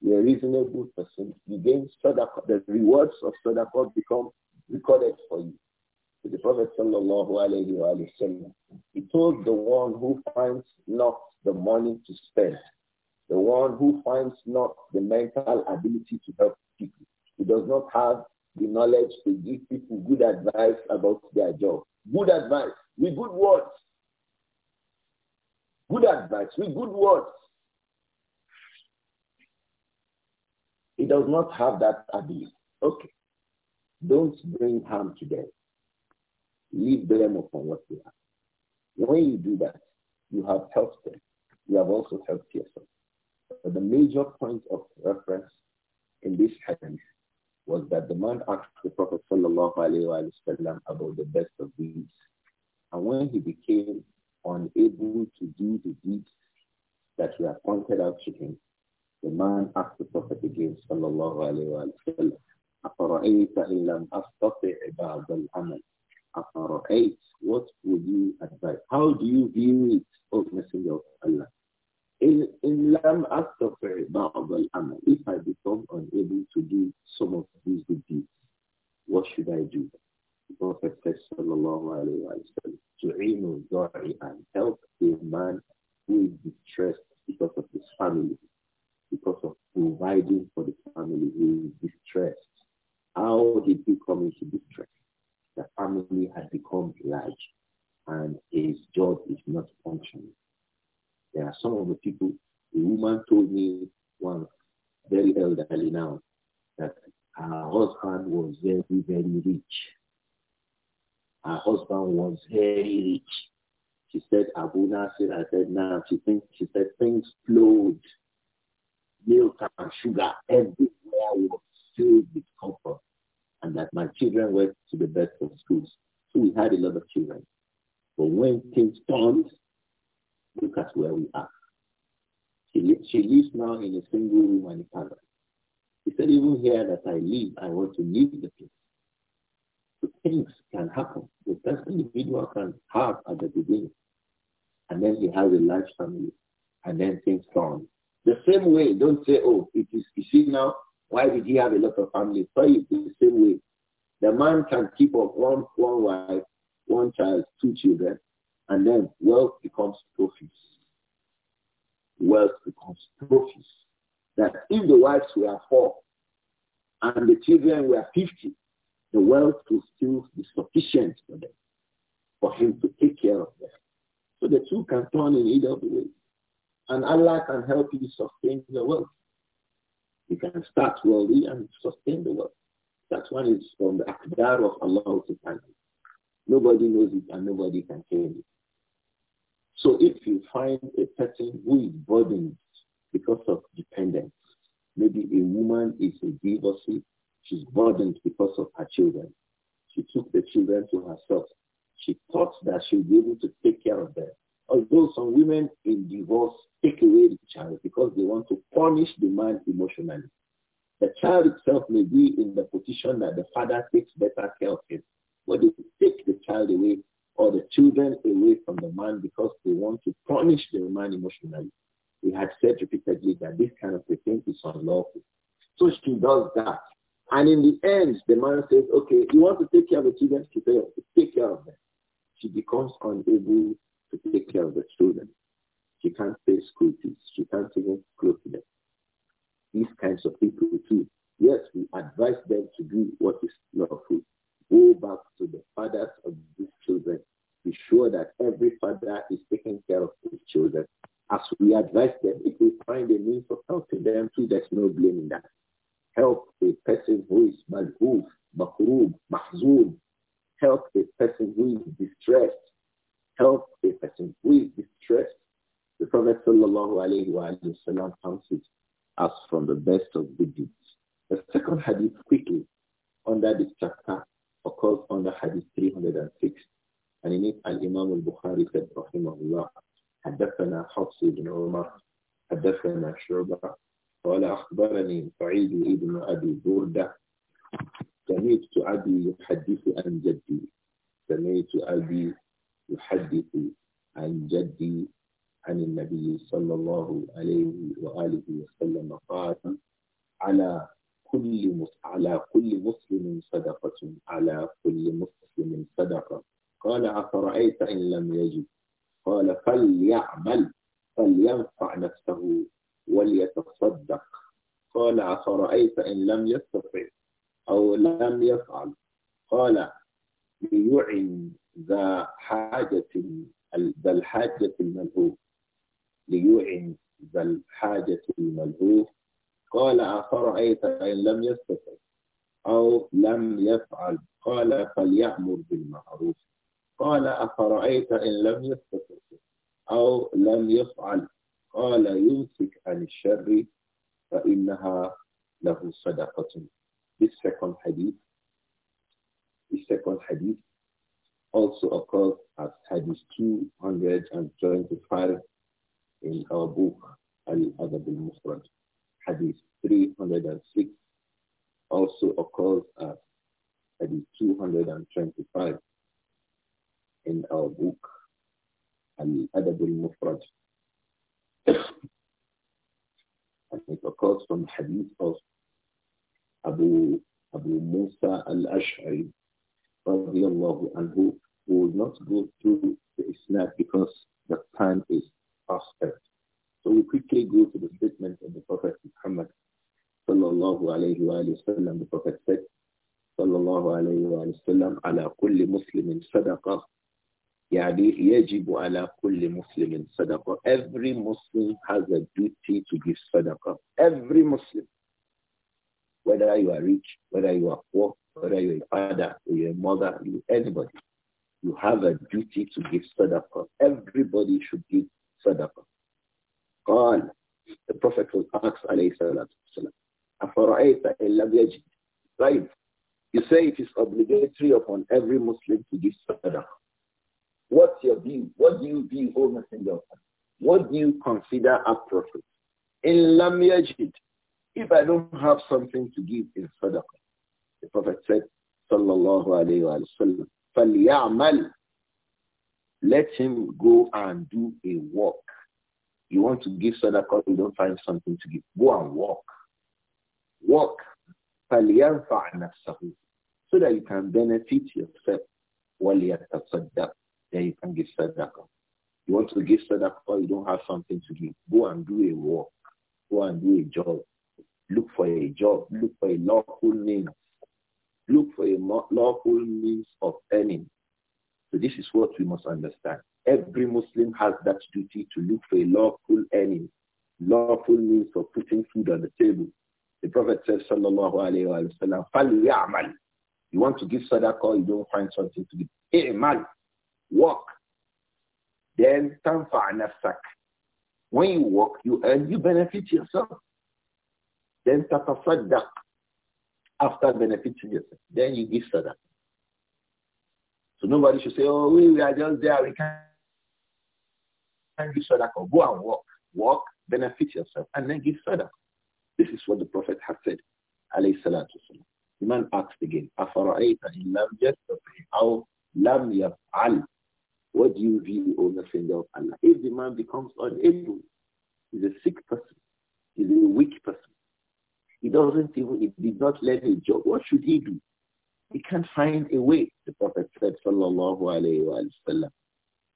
you're a reasonable person. You gain sadaqah. The rewards of sadaqah become recorded for you to the Prophet sallallahu alayhi wa sallam. He told the one who finds not the money to spend, the one who finds not the mental ability to help people, who does not have the knowledge to give people good advice about their job. Good advice with good words. Good advice with good words. He does not have that ability. Okay. Don't bring harm to them. Leave them upon what they have. When you do that, you have helped them. You have also helped yourself. But the major point of reference in this hadith was that the man asked the Prophet sallallahu about the best of deeds. And when he became unable to do the deeds that were pointed out to him, the man asked the Prophet again sallallahu alaihi wasallam, أَفَرَأَيْتَ uh, Eight, what would you advise? How do you view it, O oh, Messenger of Allah? In lam astafir ba al al If I become unable to do some of these good deeds, what should I do? The Prophet says, sallallahu alayhi help a man who is distressed because of his family, because of providing for the family who is distressed. How did he come into distress? The family had become large and his job is not functioning. There are some of the people, a woman told me once, very elderly now, that her husband was very, very rich. Her husband was very rich. She said, Abu Nasir, I said, now nah. she thinks, she said, things flowed. Milk and sugar everywhere was filled with copper." and that my children went to the best of schools. So we had a lot of children. But when things turned, look at where we are. She, she lives now in a single room and a panel. He said, even here that I live, I want to leave the place. So things can happen. The best individual can have at the beginning. And then he has a large family. And then things turn. The same way, don't say, oh, it is, you see now, why did he have a lot of family? So it's the same way. The man can keep up one, one wife, one child, two children, and then wealth becomes trophies. Wealth becomes trophies. That if the wives were four and the children were 50, the wealth will still be sufficient for them, for him to take care of them. So the two can turn in either way. And Allah can help you sustain the wealth. You can start wealthy and sustain the wealth. That one is from the akdar of Allah subhanahu. Nobody knows it and nobody can change it. So if you find a person who is burdened because of dependence, maybe a woman is a divorcee, she's burdened because of her children. She took the children to herself. She thought that she'll be able to take care of them. Although some women in divorce take away the child because they want to punish the man emotionally. The child itself may be in the position that the father takes better care of him, but they take the child away or the children away from the man because they want to punish the man emotionally. We had said repeatedly that this kind of a thing is unlawful. So she does that. And in the end, the man says, okay, you want to take care of the children? take care of them. She becomes unable to take care of the children. She can't pay school fees. She can't even clothe them. These kinds of people too. Yes, we advise them to do what is lawful. Go back to the fathers of these children. Be sure that every father is taking care of his children. As we advise them, if we find a means of helping them too, there's no blame in that. Help a person who is malhoof, makroob, mahzoon. Help a person who is distressed. Help a person who is distressed, the Prophet sallallahu alayhi wa sallam counts from the best of good deeds. The second hadith quickly under this chapter occurs under hadith 306 and in it al-Imam al-Bukhari said rahimahullah حدثنا حفص بن عمر حدثنا شعبة قال أخبرني سعيد بن أبي بردة سمعت أبي يحدث عن جدي سمعت أبي يحدث عن جدي عن النبي صلى الله عليه وآله وسلم قال على كل على كل مسلم صدقة على كل مسلم صدقة قال أفرأيت إن لم يجد قال فليعمل فلينفع نفسه وليتصدق قال أفرأيت إن لم يستطع أو لم يفعل قال ليعن ذا حاجة ذا الحاجة الملهوف ليعن ذا الحاجة الملهوف قال أفرأيت إن لم يستطع أو لم يفعل قال فليأمر بالمعروف قال أفرأيت إن لم يستطع أو لم يفعل قال يمسك عن الشر فإنها له صدقة This second hadith, this second hadith also occurs as Hadith 225 in our book Al-Adab al-Mufrad. Hadith 306 also occurs as Hadith 225 in our book Al-Adab al-Mufrad. and it occurs from Hadith of Abu, Abu Musa al-Ash'ari radiallahu anhu, who will not go through the isnad because the time is past? So we quickly go to the statement of the Prophet Muhammad sallallahu alayhi wa sallam. The Prophet said, sallallahu alayhi wa sallam, ala kulli muslimin sadaqah. Yani, yajibu ala kulli muslimin Every Muslim has a duty to give sadaqah. Every Muslim. Whether you are rich, whether you are poor, whether you're a father or you're a mother, you anybody, you have a duty to give sadaqah. Everybody should give sadaqah. قال the Prophet was asked عليه الصلاة والسلام أفرأيت إن لم يجد right you say it is obligatory upon every Muslim to give sadaqah what's your view what do you view O Messenger what do you consider a prophet? lam yajid if I don't have something to give in sadaqah the Prophet said, Sallallahu Alaihi Wasallam, فَلْيَعْمَلْ Let him go and do a walk. You want to give sadaqah, you don't find something to give. Go and walk. Walk. فَلْيَنْفَعْ نَفْسَهُ So that you can benefit yourself. وَلْيَتَصَدَّقْ Then you can give sadaqah. You want to give sadaqah, you don't have something to give. Go and do a walk. Go and do a job. Look for a job. Look for a lawful name Look for a lawful means of earning. So this is what we must understand. Every Muslim has that duty to look for a lawful earning, lawful means for putting food on the table. The Prophet said, Sallallahu Alaihi Wasallam, فَلْيَعْمَلْ You want to give sadaqah, you don't find something to give. man, work. Then تَنْفَعْ نَفْسَكَ When you work, you earn, you benefit yourself. Then تَتَصَدَّقْ after benefiting yourself. Then you give further. So nobody should say, oh, we, we are just there. We can't give further." Go and walk. Walk, benefit yourself, and then give further. This is what the Prophet had said, alayhi salatu wasalam. The man asked again, أَفَرَأَيْتَ إِنْ لَمْ يَسْتَطِعْ أَوْ لَمْ يَفْعَلْ What do you view, the Messenger of Allah? If the man becomes unable, he's a sick person, he's a weak person, he doesn't even, he did not let a job. What should he do? He can't find a way. The Prophet said, sallallahu Alaihi Wasallam,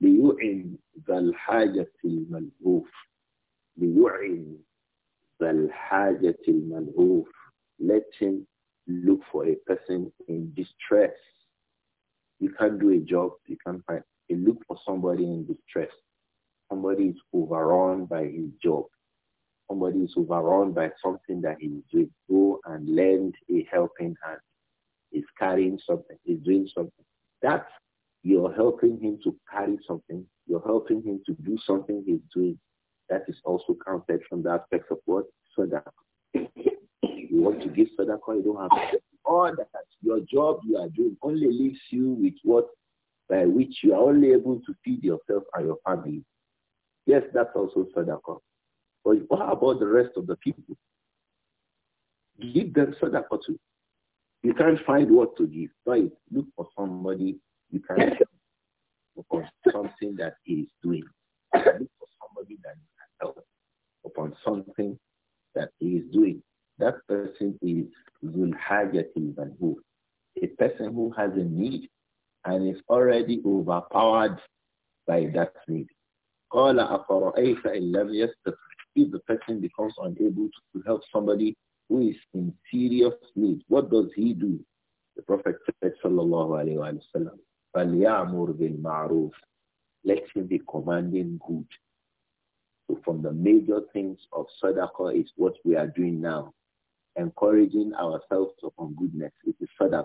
لِيُعِنْ ذَا الْحَاجَةِ الْمَلْهُوفِ لِيُعِنْ ذَا الْحَاجَةِ الْمَلْهُوفِ Let him look for a person in distress. You can't do a job, you can't find. You look for somebody in distress. Somebody is overrun by his job somebody is overrun by something that he is doing, go and lend a helping hand. He's carrying something, he's doing something. That you're helping him to carry something, you're helping him to do something he's doing. That is also counted from the aspect of what? Sadaqah. you want to give Sadaqah, you don't have all that. Your job you are doing only leaves you with what by which you are only able to feed yourself and your family. Yes, that's also Sadaqah. But what about the rest of the people? Give them sadaqah too. You can't find what to give. Right? Look for somebody you can help upon something that he is doing. Look for somebody that you can help upon something that he is doing. That person is Zul and who a person who has a need and is already overpowered by that need. قال أفرأيت إن لم يستطع if the person becomes unable to help somebody who is in serious need, what does he do? The Prophet said, Sallallahu Alaihi Wasallam, Let him be commanding good. So from the major things of sadaqah is what we are doing now, encouraging ourselves upon goodness. It is sadaqah.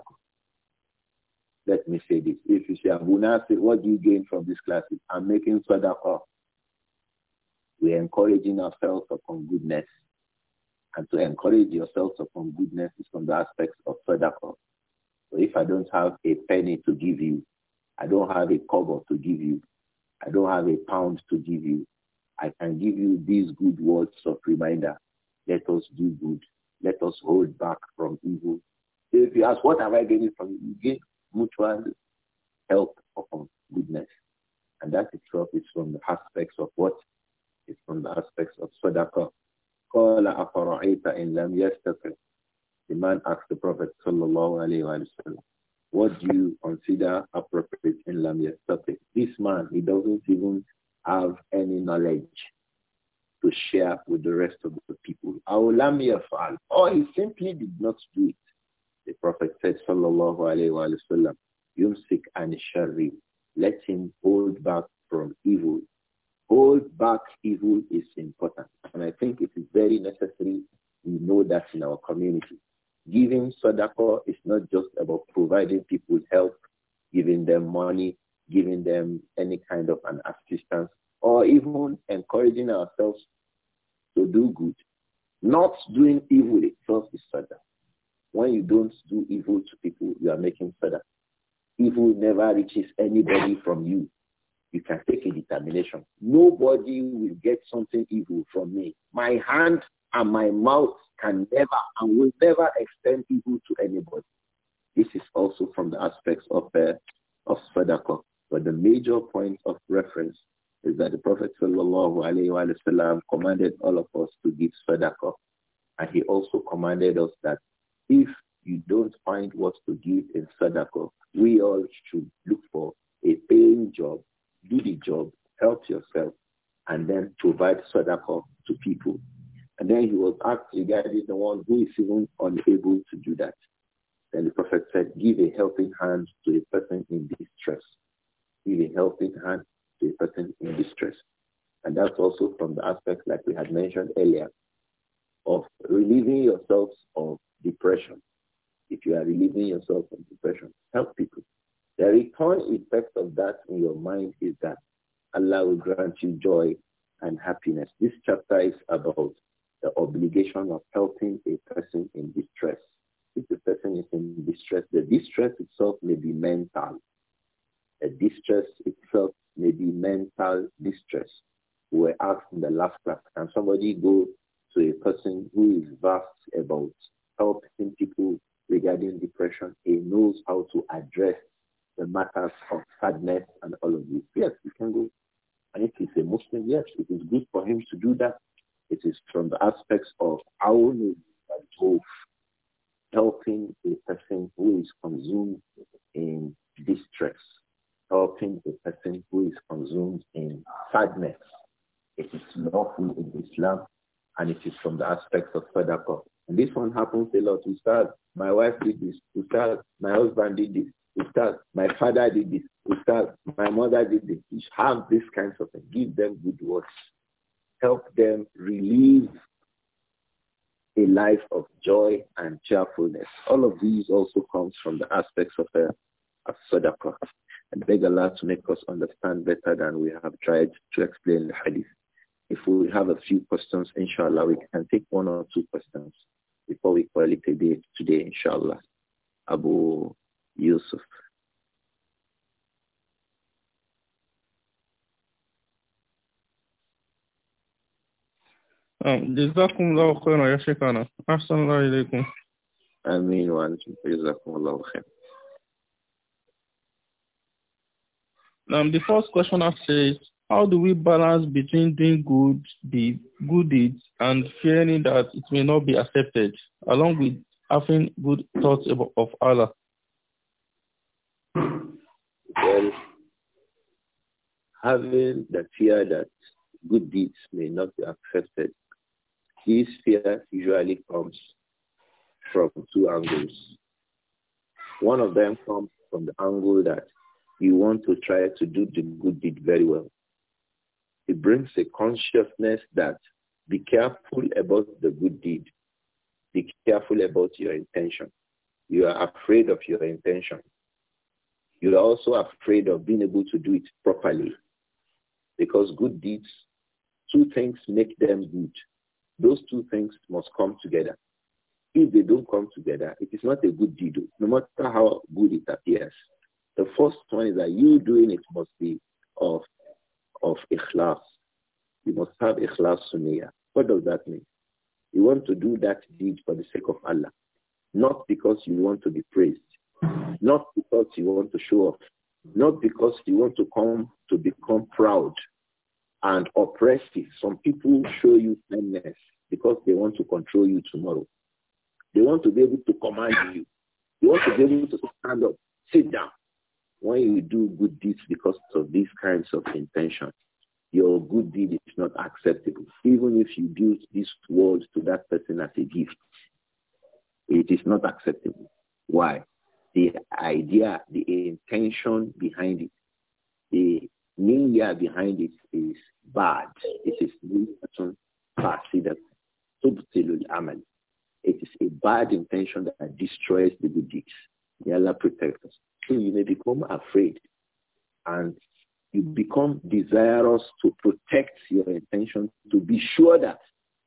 Let me say this. If you say, what do you gain from this class? I'm making sadaqah. We're encouraging ourselves upon goodness. And to encourage yourselves upon goodness is from the aspects of sadaqah. So if I don't have a penny to give you, I don't have a cover to give you, I don't have a pound to give you, I can give you these good words of reminder. Let us do good. Let us hold back from evil. If you ask, what have I getting from you? mutual help upon goodness. And that itself is from the aspects of what is from the aspects of sadaqah. قال أفرعيت إن لم يستطع The man asked the Prophet sallallahu alayhi wa sallam, what do you consider appropriate in لم yastati? This man, he doesn't even have any knowledge to share with the rest of the people. Awlam يَفْعَلْ. Or oh, he simply did not do it. The Prophet said, sallallahu alayhi wa sallam, yumsik an sharri. Let him hold back from evil. Hold back evil is important. And I think it is very necessary we know that in our community. Giving sadaqah is not just about providing people help, giving them money, giving them any kind of an assistance, or even encouraging ourselves to do good. Not doing evil itself is sadaqah. When you don't do evil to people, you are making sadaqah. Evil never reaches anybody from you you can take a determination. Nobody will get something evil from me. My hand and my mouth can never and will never extend evil to anybody. This is also from the aspects of uh, of sadaqah. But the major point of reference is that the Prophet wasallam commanded all of us to give sadaqah. And he also commanded us that if you don't find what to give in sadaqah, we all should look for a paying job do the job, help yourself, and then provide sadaqah to people. And then he was asked regarding the one who is even unable to do that. Then the Prophet said, give a helping hand to a person in distress. Give a helping hand to a person in distress. And that's also from the aspect, like we had mentioned earlier, of relieving yourselves of depression. If you are relieving yourself from depression, help people. The return effect of that in your mind is that Allah will grant you joy and happiness. This chapter is about the obligation of helping a person in distress. If the person is in distress, the distress itself may be mental. The distress itself may be mental distress. We were asked in the last class, can somebody go to a person who is vast about helping people regarding depression? He knows how to address the matters of sadness and all of this. Yes, he can go. And if he's a Muslim, yes, it is good for him to do that. It is from the aspects of our both helping a person who is consumed in distress, helping a person who is consumed in sadness. It is lawful in Islam and it is from the aspects of sadaqah. And this one happens a lot. We start, my wife did this, we my husband did this my father did this. my mother did this. You have these kinds of things. Give them good words. Help them relieve a life of joy and cheerfulness. All of these also comes from the aspects of a, uh, a sadaqah. And beg Allah to make us understand better than we have tried to explain the hadith. If we have a few questions, inshallah, we can take one or two questions before we call it a day today, inshallah. Abu Yusuf. جزاكم الله خيرا يا شيخنا أحسن الله إليكم آمين وعليكم جزاكم الله خير Now the first question I says, how do we balance between doing good deed, good deeds and fearing that it may not be accepted, along with having good thoughts of Allah? Then having the fear that good deeds may not be accepted, this fear usually comes from two angles. One of them comes from the angle that you want to try to do the good deed very well. It brings a consciousness that be careful about the good deed. Be careful about your intention. You are afraid of your intention. You're also afraid of being able to do it properly. Because good deeds, two things make them good. Those two things must come together. If they don't come together, it is not a good deed, no matter how good it appears. The first one is that you doing it must be of of ikhlas. You must have ikhlas sunniyah. What does that mean? You want to do that deed for the sake of Allah, not because you want to be praised. Not because you want to show off. Not because you want to come to become proud and oppressive. Some people show you kindness because they want to control you tomorrow. They want to be able to command you. They want to be able to stand up, sit down. When you do good deeds because of these kinds of intentions, your good deed is not acceptable, even if you give this world to that person as a gift. It is not acceptable. Why? the idea, the intention behind it, the meaning behind it is bad. It is amal. It is a bad intention that destroys the good deeds. Allah protect us. So you may become afraid and you become desirous to protect your intention to be sure that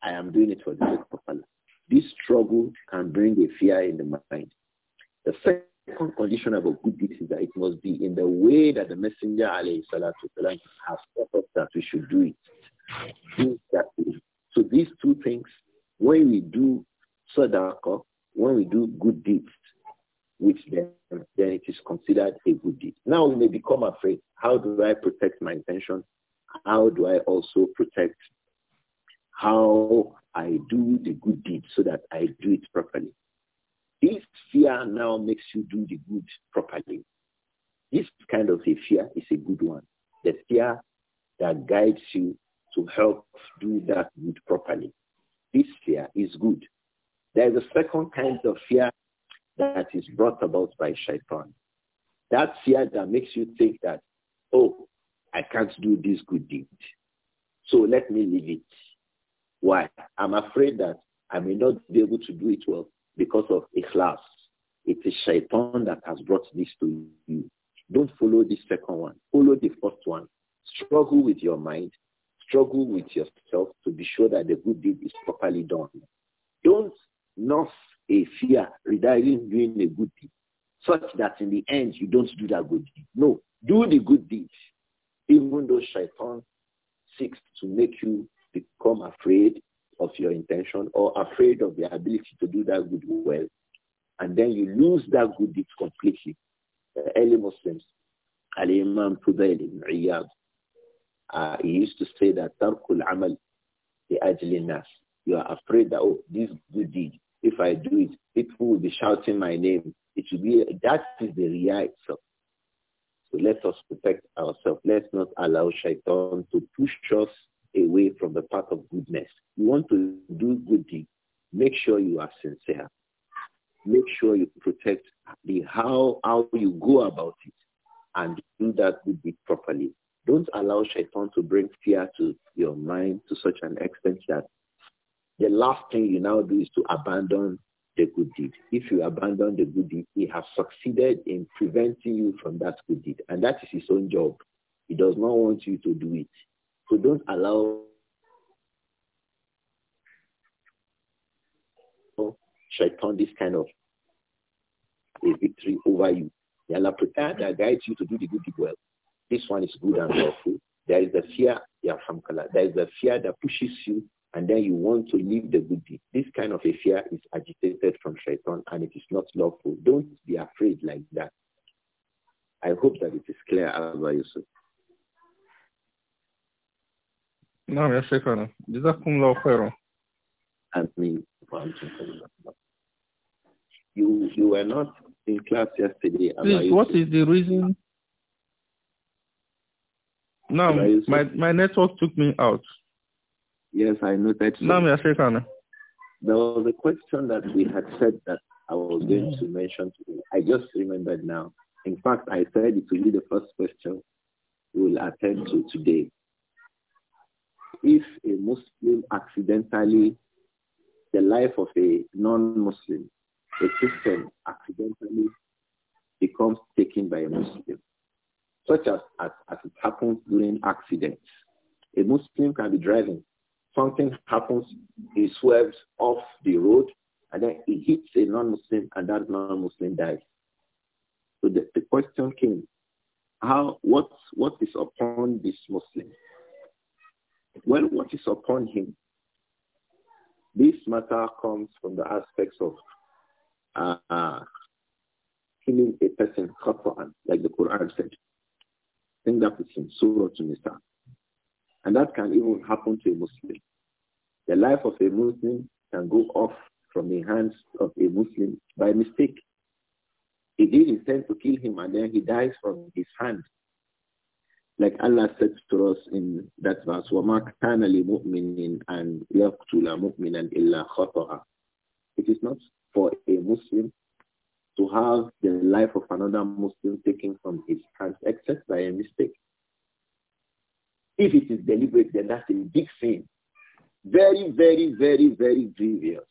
I am doing it for the sake of Allah. This struggle can bring a fear in the mind. The condition of a good deed is that it must be in the way that the messenger والسلام, has taught us that we should do it. So these two things, when we do sadaqah, when we do good deeds which then then it is considered a good deed. Now we may become afraid. How do I protect my intention? How do I also protect how I do the good deed so that I do it properly? This fear now makes you do the good properly. This kind of a fear is a good one. The fear that guides you to help do that good properly. This fear is good. There is a second kind of fear that is brought about by shaitan. That fear that makes you think that, oh, I can't do this good deed. So let me leave it. Why? I'm afraid that I may not be able to do it well because of class, It is shaitan that has brought this to you. Don't follow the second one. Follow the first one. Struggle with your mind. Struggle with yourself to be sure that the good deed is properly done. Don't nurse a fear regarding doing a good deed such that in the end you don't do that good deed. No, do the good deed, even though shaitan seeks to make you become afraid of your intention or afraid of the ability to do that good well, and then you lose that good deed completely. Uh, early Muslims, Ali imam Fudail ibn uh, he used to say that Tarkul Amal the nas. You are afraid that, oh, this good deed, if I do it, people will be shouting my name. It will be, that is the Riyah itself. So let us protect ourselves. Let's not allow shaitan to push us away from the path of goodness. You want to do good deeds. Make sure you are sincere. Make sure you protect the how, how you go about it and do that good deed properly. Don't allow shaitan to bring fear to your mind to such an extent that the last thing you now do is to abandon the good deed. If you abandon the good deed, he has succeeded in preventing you from that good deed. And that is his own job. He does not want you to do it. So don't allow shaitan this kind of a victory over you. May Allah prepare and guide you to do the good deed well. This one is good and lawful. There is a fear, Yarhamkala. There is a fear that pushes you and then you want to leave the good deed. This kind of a fear is agitated from shaitan and it is not lawful. Don't be afraid like that. I hope that it is clear, Allah Yusuf. نعم يا شيخنا جزاكم الله خيرا You you were not in class yesterday. Please, what is the reason? No, my my network took me out. Yes, I noted. No, so. Sheikhana. There was a question that we had said that I was going hmm. to mention today. I just remembered now. In fact, I said it will be the first question we will attend to today if a Muslim accidentally, the life of a non-Muslim, a Christian accidentally becomes taken by a Muslim, such as, as, as it happens during accidents. A Muslim can be driving. Something happens, he swerves off the road, and then he hits a non-Muslim, and that non-Muslim dies. So the, the question came, how, what, what is upon this Muslim? When what is upon him, this matter comes from the aspects of uh, uh, killing a person khata'an, like the Quran said. I think that is in Surah to Nisa. And that can even happen to a Muslim. The life of a Muslim can go off from the hands of a Muslim by mistake. He did intend to kill him and then he dies from his hand. Like Allah said to us in that verse, وَمَا كَانَ لِمُؤْمِنٍ أَنْ يَقْتُلَ مُؤْمِنًا إِلَّا It is not for a Muslim to have the life of another Muslim taken from his hands except by a mistake. If it is deliberate, then that's a big sin. Very, very, very, very grievous.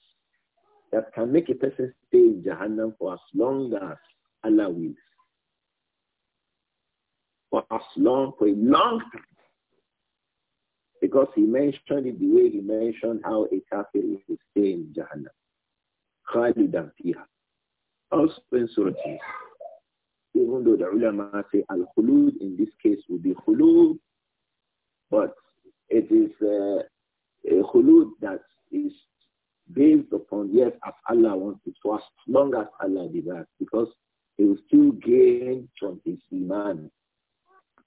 That can make a person stay in Jahannam for as long as Allah wills for as long, for a long time. Because he mentioned it the way he mentioned how a kafir to stay in Jahannam. Khalidan fiha. Also in Surah Even though the ulama say al-khulud in this case would be khulud, but it is uh, a khulud that is based upon, yes, as Allah wants it, for so as long as Allah desires, because he will still gain from his iman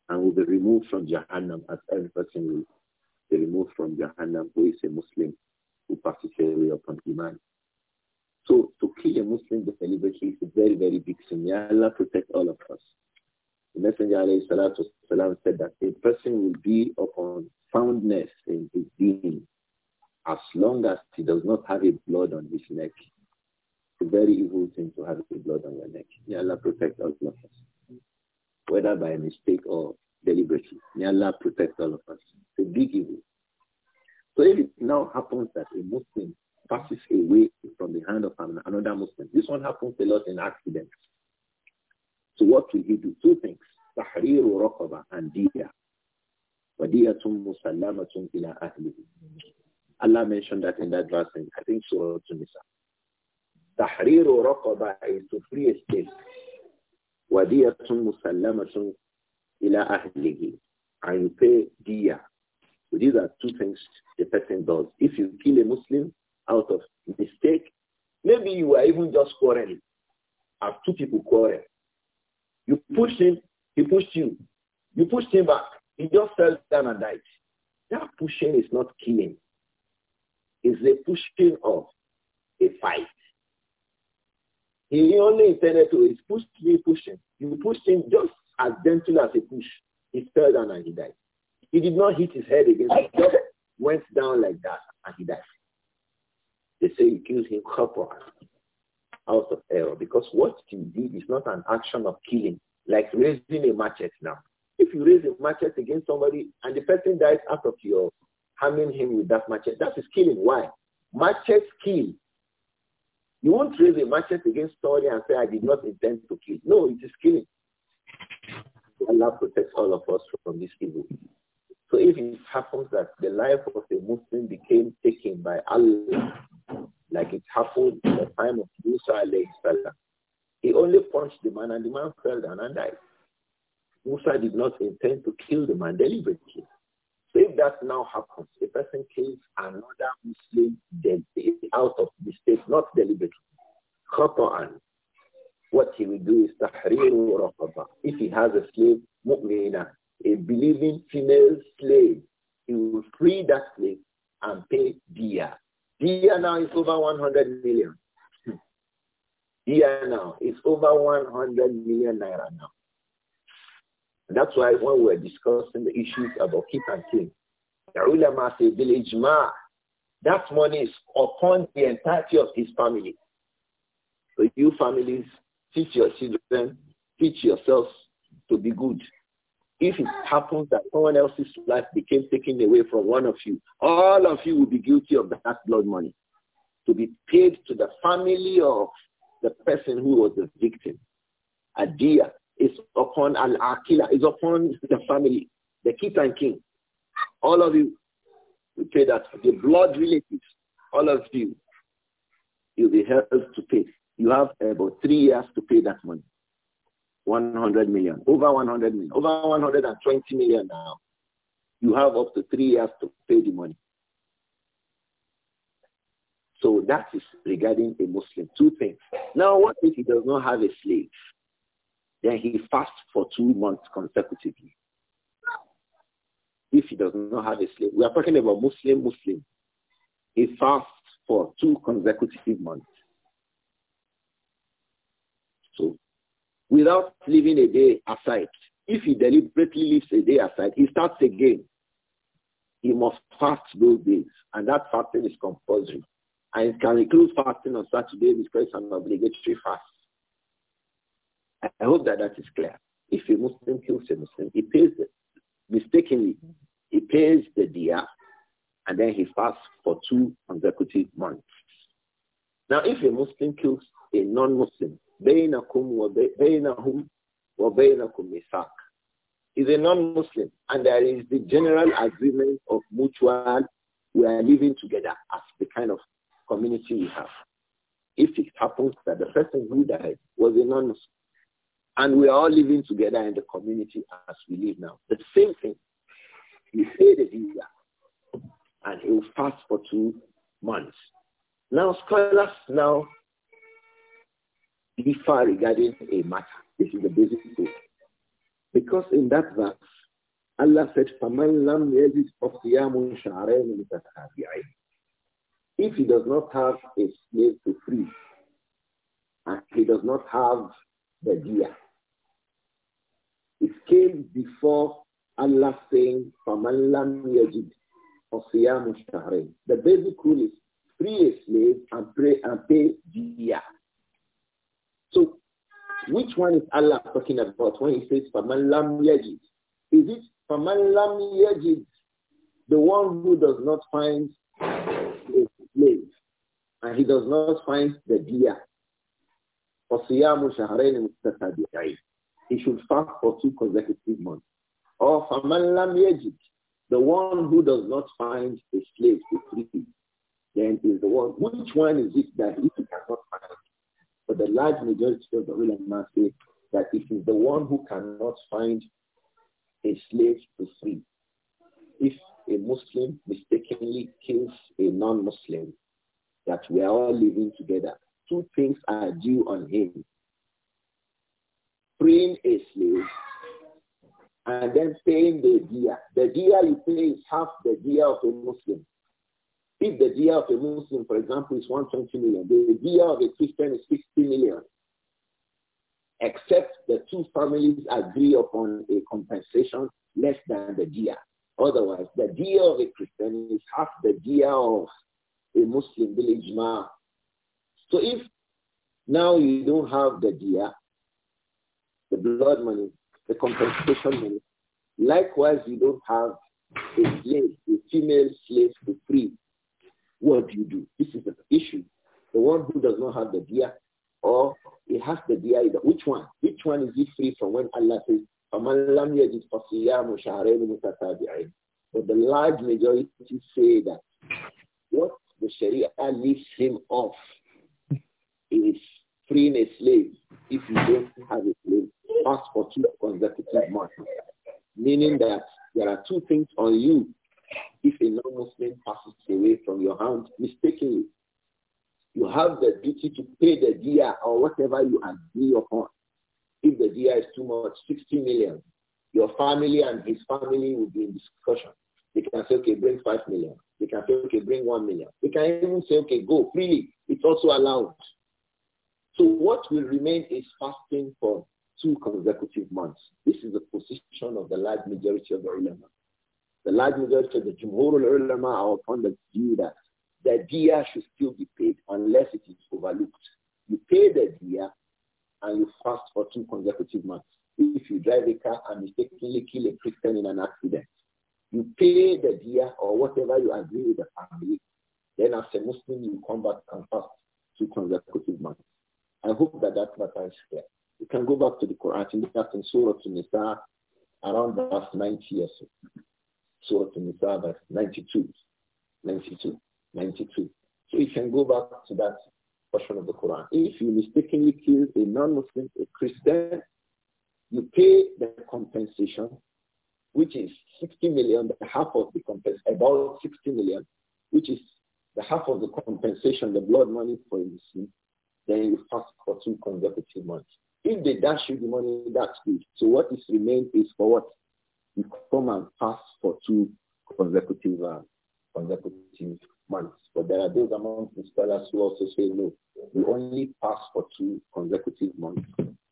and will be removed from Jahannam as every person will be removed from Jahannam who is a Muslim who passes away upon Iman. So to kill a Muslim deliberately is a very, very big sin. May Allah protect all of us. The Messenger والسلام, said that a person will be upon soundness in his being as long as he does not have a blood on his neck. It's a very evil thing to have a blood on your neck. May Allah protect all of us whether by mistake or deliberately. May Allah protect all of us. It's a big evil. So if it now happens that a Muslim passes away from the hand of another Muslim, this one happens a lot in accidents. So what will he do? Two things. تحرير رقبة and دية ودية مسلمة إلى أهله Allah mentioned that in that verse and I think Surah Tunisa. تحرير رقبة is to free a slave wadiyatun musallamatun ila ahlihi. And you pay diya. So these are two things the person does. If you kill a Muslim out of mistake, maybe you were even just quarreling. Have two people quarrel. You pushed him, he pushed you. You pushed him back. He just fell down and died. That pushing is not killing. It's the pushing of a fight. He only intended to push me, push him. You pushed him just as gentle as a push. He fell down and he died. He did not hit his head against the He just went down like that and he died. They say you killed him out of error because what he did is not an action of killing, like raising a matchet now. If you raise a matchet against somebody and the person dies out of your harming him with that matchet, that is killing. Why? Machetes kill you won't raise a match against story and say, I did not intend to kill. No, it is killing. Allah protects all of us from this evil. So if it happens that the life of a Muslim became taken by Allah, like it happened in the time of Musa alayhi salam, he only punched the man and the man fell down and died. Musa did not intend to kill the man deliberately if that now happens, a person kills another Muslim dead out of mistake, not deliberately, khatan, what he will do is tahriru raqaba. If he has a slave, mu'mina, a believing female slave, he will free that slave and pay dia. Dia now is over 100 million. Hmm. Dia now is over 100 million naira now. And that's why when we were discussing the issues about keep and clean, the ulama said, village ma, that money is upon the entirety of his family. So you families, teach your children, teach yourselves to be good. If it happens that someone else's life became taken away from one of you, all of you will be guilty of that blood money to be paid to the family of the person who was the victim. Adia, is upon Al-Aqila, is upon the family, the kith and king. All of you, we pay that. The blood relatives, all of you, you'll be held to pay. You have about three years to pay that money. 100 million, over 100 million, over 120 million now. You have up to three years to pay the money. So that is regarding a Muslim. Two things. Now, what if he does not have a slave? Then he fasts for two months consecutively. If he does not have a slave, we are talking about Muslim Muslim. He fasts for two consecutive months. So without leaving a day aside, if he deliberately leaves a day aside, he starts again. He must fast those days, and that fasting is compulsory. And it can include fasting on Saturday because it's an obligatory fast. I hope that that is clear. If a Muslim kills a Muslim, he pays the, mistakenly, he pays the dia, and then he fasts for two consecutive months. Now, if a Muslim kills a non-Muslim, بينكم وبينكم ميثاق, is a non-Muslim, and there is the general agreement of mutual, we are living together as the kind of community we have. If it happens that the person who died was a non-Muslim, and we are all living together in the community as we live now. The same thing. He paid the visa and he will fast for two months. Now scholars now differ regarding a matter. This is the basic point. Because in that verse, Allah said, فَمَنْ lam يَجِدْ فَصِيَامٌ شَعْرَيْنِ مُتَتَابِعَيْنِ If he does not have a slave to free, and he does not have the gear, it came before Allah saying, فَمَنْ لَمْ يَجِدْ فَصِيَامُ The basic rule is free a slave and pray and pay jizya. So which one is Allah talking about when he says فَمَنْ لَمْ يَجِدْ? Is it فَمَنْ لَمْ يَجِدْ? The one who does not find a slave and he does not find the dia. فَصِيَامُ شَهْرَيْنِ مُتَتَابِعَيْنِ he should fast for two consecutive months. Or Famalam Yejid, the one who does not find a slave to free, then is the one. Which one is it that he cannot find? But the large majority of the ulama say that it is the one who cannot find a slave to free. If a Muslim mistakenly kills a non-Muslim, that we are all living together, two things are due on him freeing a slave and then paying the dia. The dia you pay is half the dia of a Muslim. If the dia of a Muslim, for example, is 120 million, the dia of a Christian is 60 million, except the two families agree upon a compensation less than the dia. Otherwise, the dia of a Christian is half the dia of a Muslim village ma. So if now you don't have the dia, the blood money, the compensation money. Likewise, you don't have a slave, a female slave to free. What do you do? This is the issue. The one who does not have the dia or he has the either. which one? Which one is he free from when Allah says, فَمَنْ لَمْ But the large majority say that what the Sharia leaves him off is freeing a slave if you don't have a slave fast for two consecutive months. Meaning that there are two things on you if a non-Muslim passes away from your hand mistakenly. You have the duty to pay the dia or whatever you agree upon. If the dia is too much, 60 million, your family and his family will be in discussion. They can say, okay, bring 5 million. They can say, okay, bring 1 million. They can even say, okay, go freely. It's also allowed. So what will remain is fasting for two consecutive months. This is the position of the large majority of the ulama. The large majority of the jumhur ulama are upon the view that the dia should still be paid unless it is overlooked. You pay the dia and you fast for two consecutive months. If you drive a car and mistakenly kill a Christian in an accident, you pay the dia or whatever you agree with the family. Then as a Muslim, you come back and fast two consecutive months. I hope that that matter is clear. You can go back to the Quran and look in Surah Nisa around last 90 years. so. Surah Nisa that's 92, 92, 92. So you can go back to that portion of the Quran. If you mistakenly kill a non-Muslim, a Christian, you pay the compensation, which is 60 million, the half of the compensation, about 60 million, which is the half of the compensation, the blood money for a Muslim, then you fast for two consecutive months. If they dash you the money, that's good. So what is remained is for what? You come and fast for two consecutive uh, consecutive months. But there are those among the scholars who also say no, you only pass for two consecutive months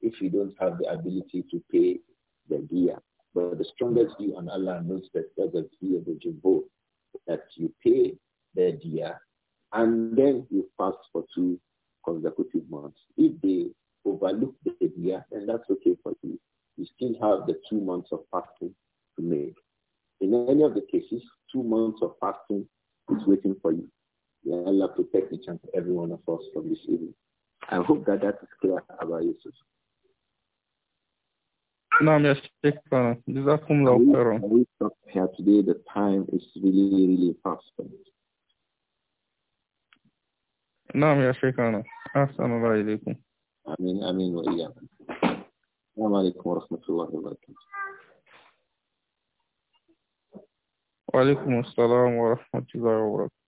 if you don't have the ability to pay the year. But the strongest view on Allah knows that that's the view of the Jumbo, that you pay the year and then you fast for two consecutive months. If they overlook the idea, then that's okay for you. You still have the two months of fasting to make. In any of the cases, two months of fasting is waiting for you. May Allah protect each and every one of us from this evil. I hope that that is clear about Yusuf. No, yes, Can we stop here today? The time is really, really fast. نعم يا شيخانا. أحسن الله إليكم آمين آمين وإياكم السلام عليكم ورحمة الله وبركاته وعليكم السلام ورحمة الله وبركاته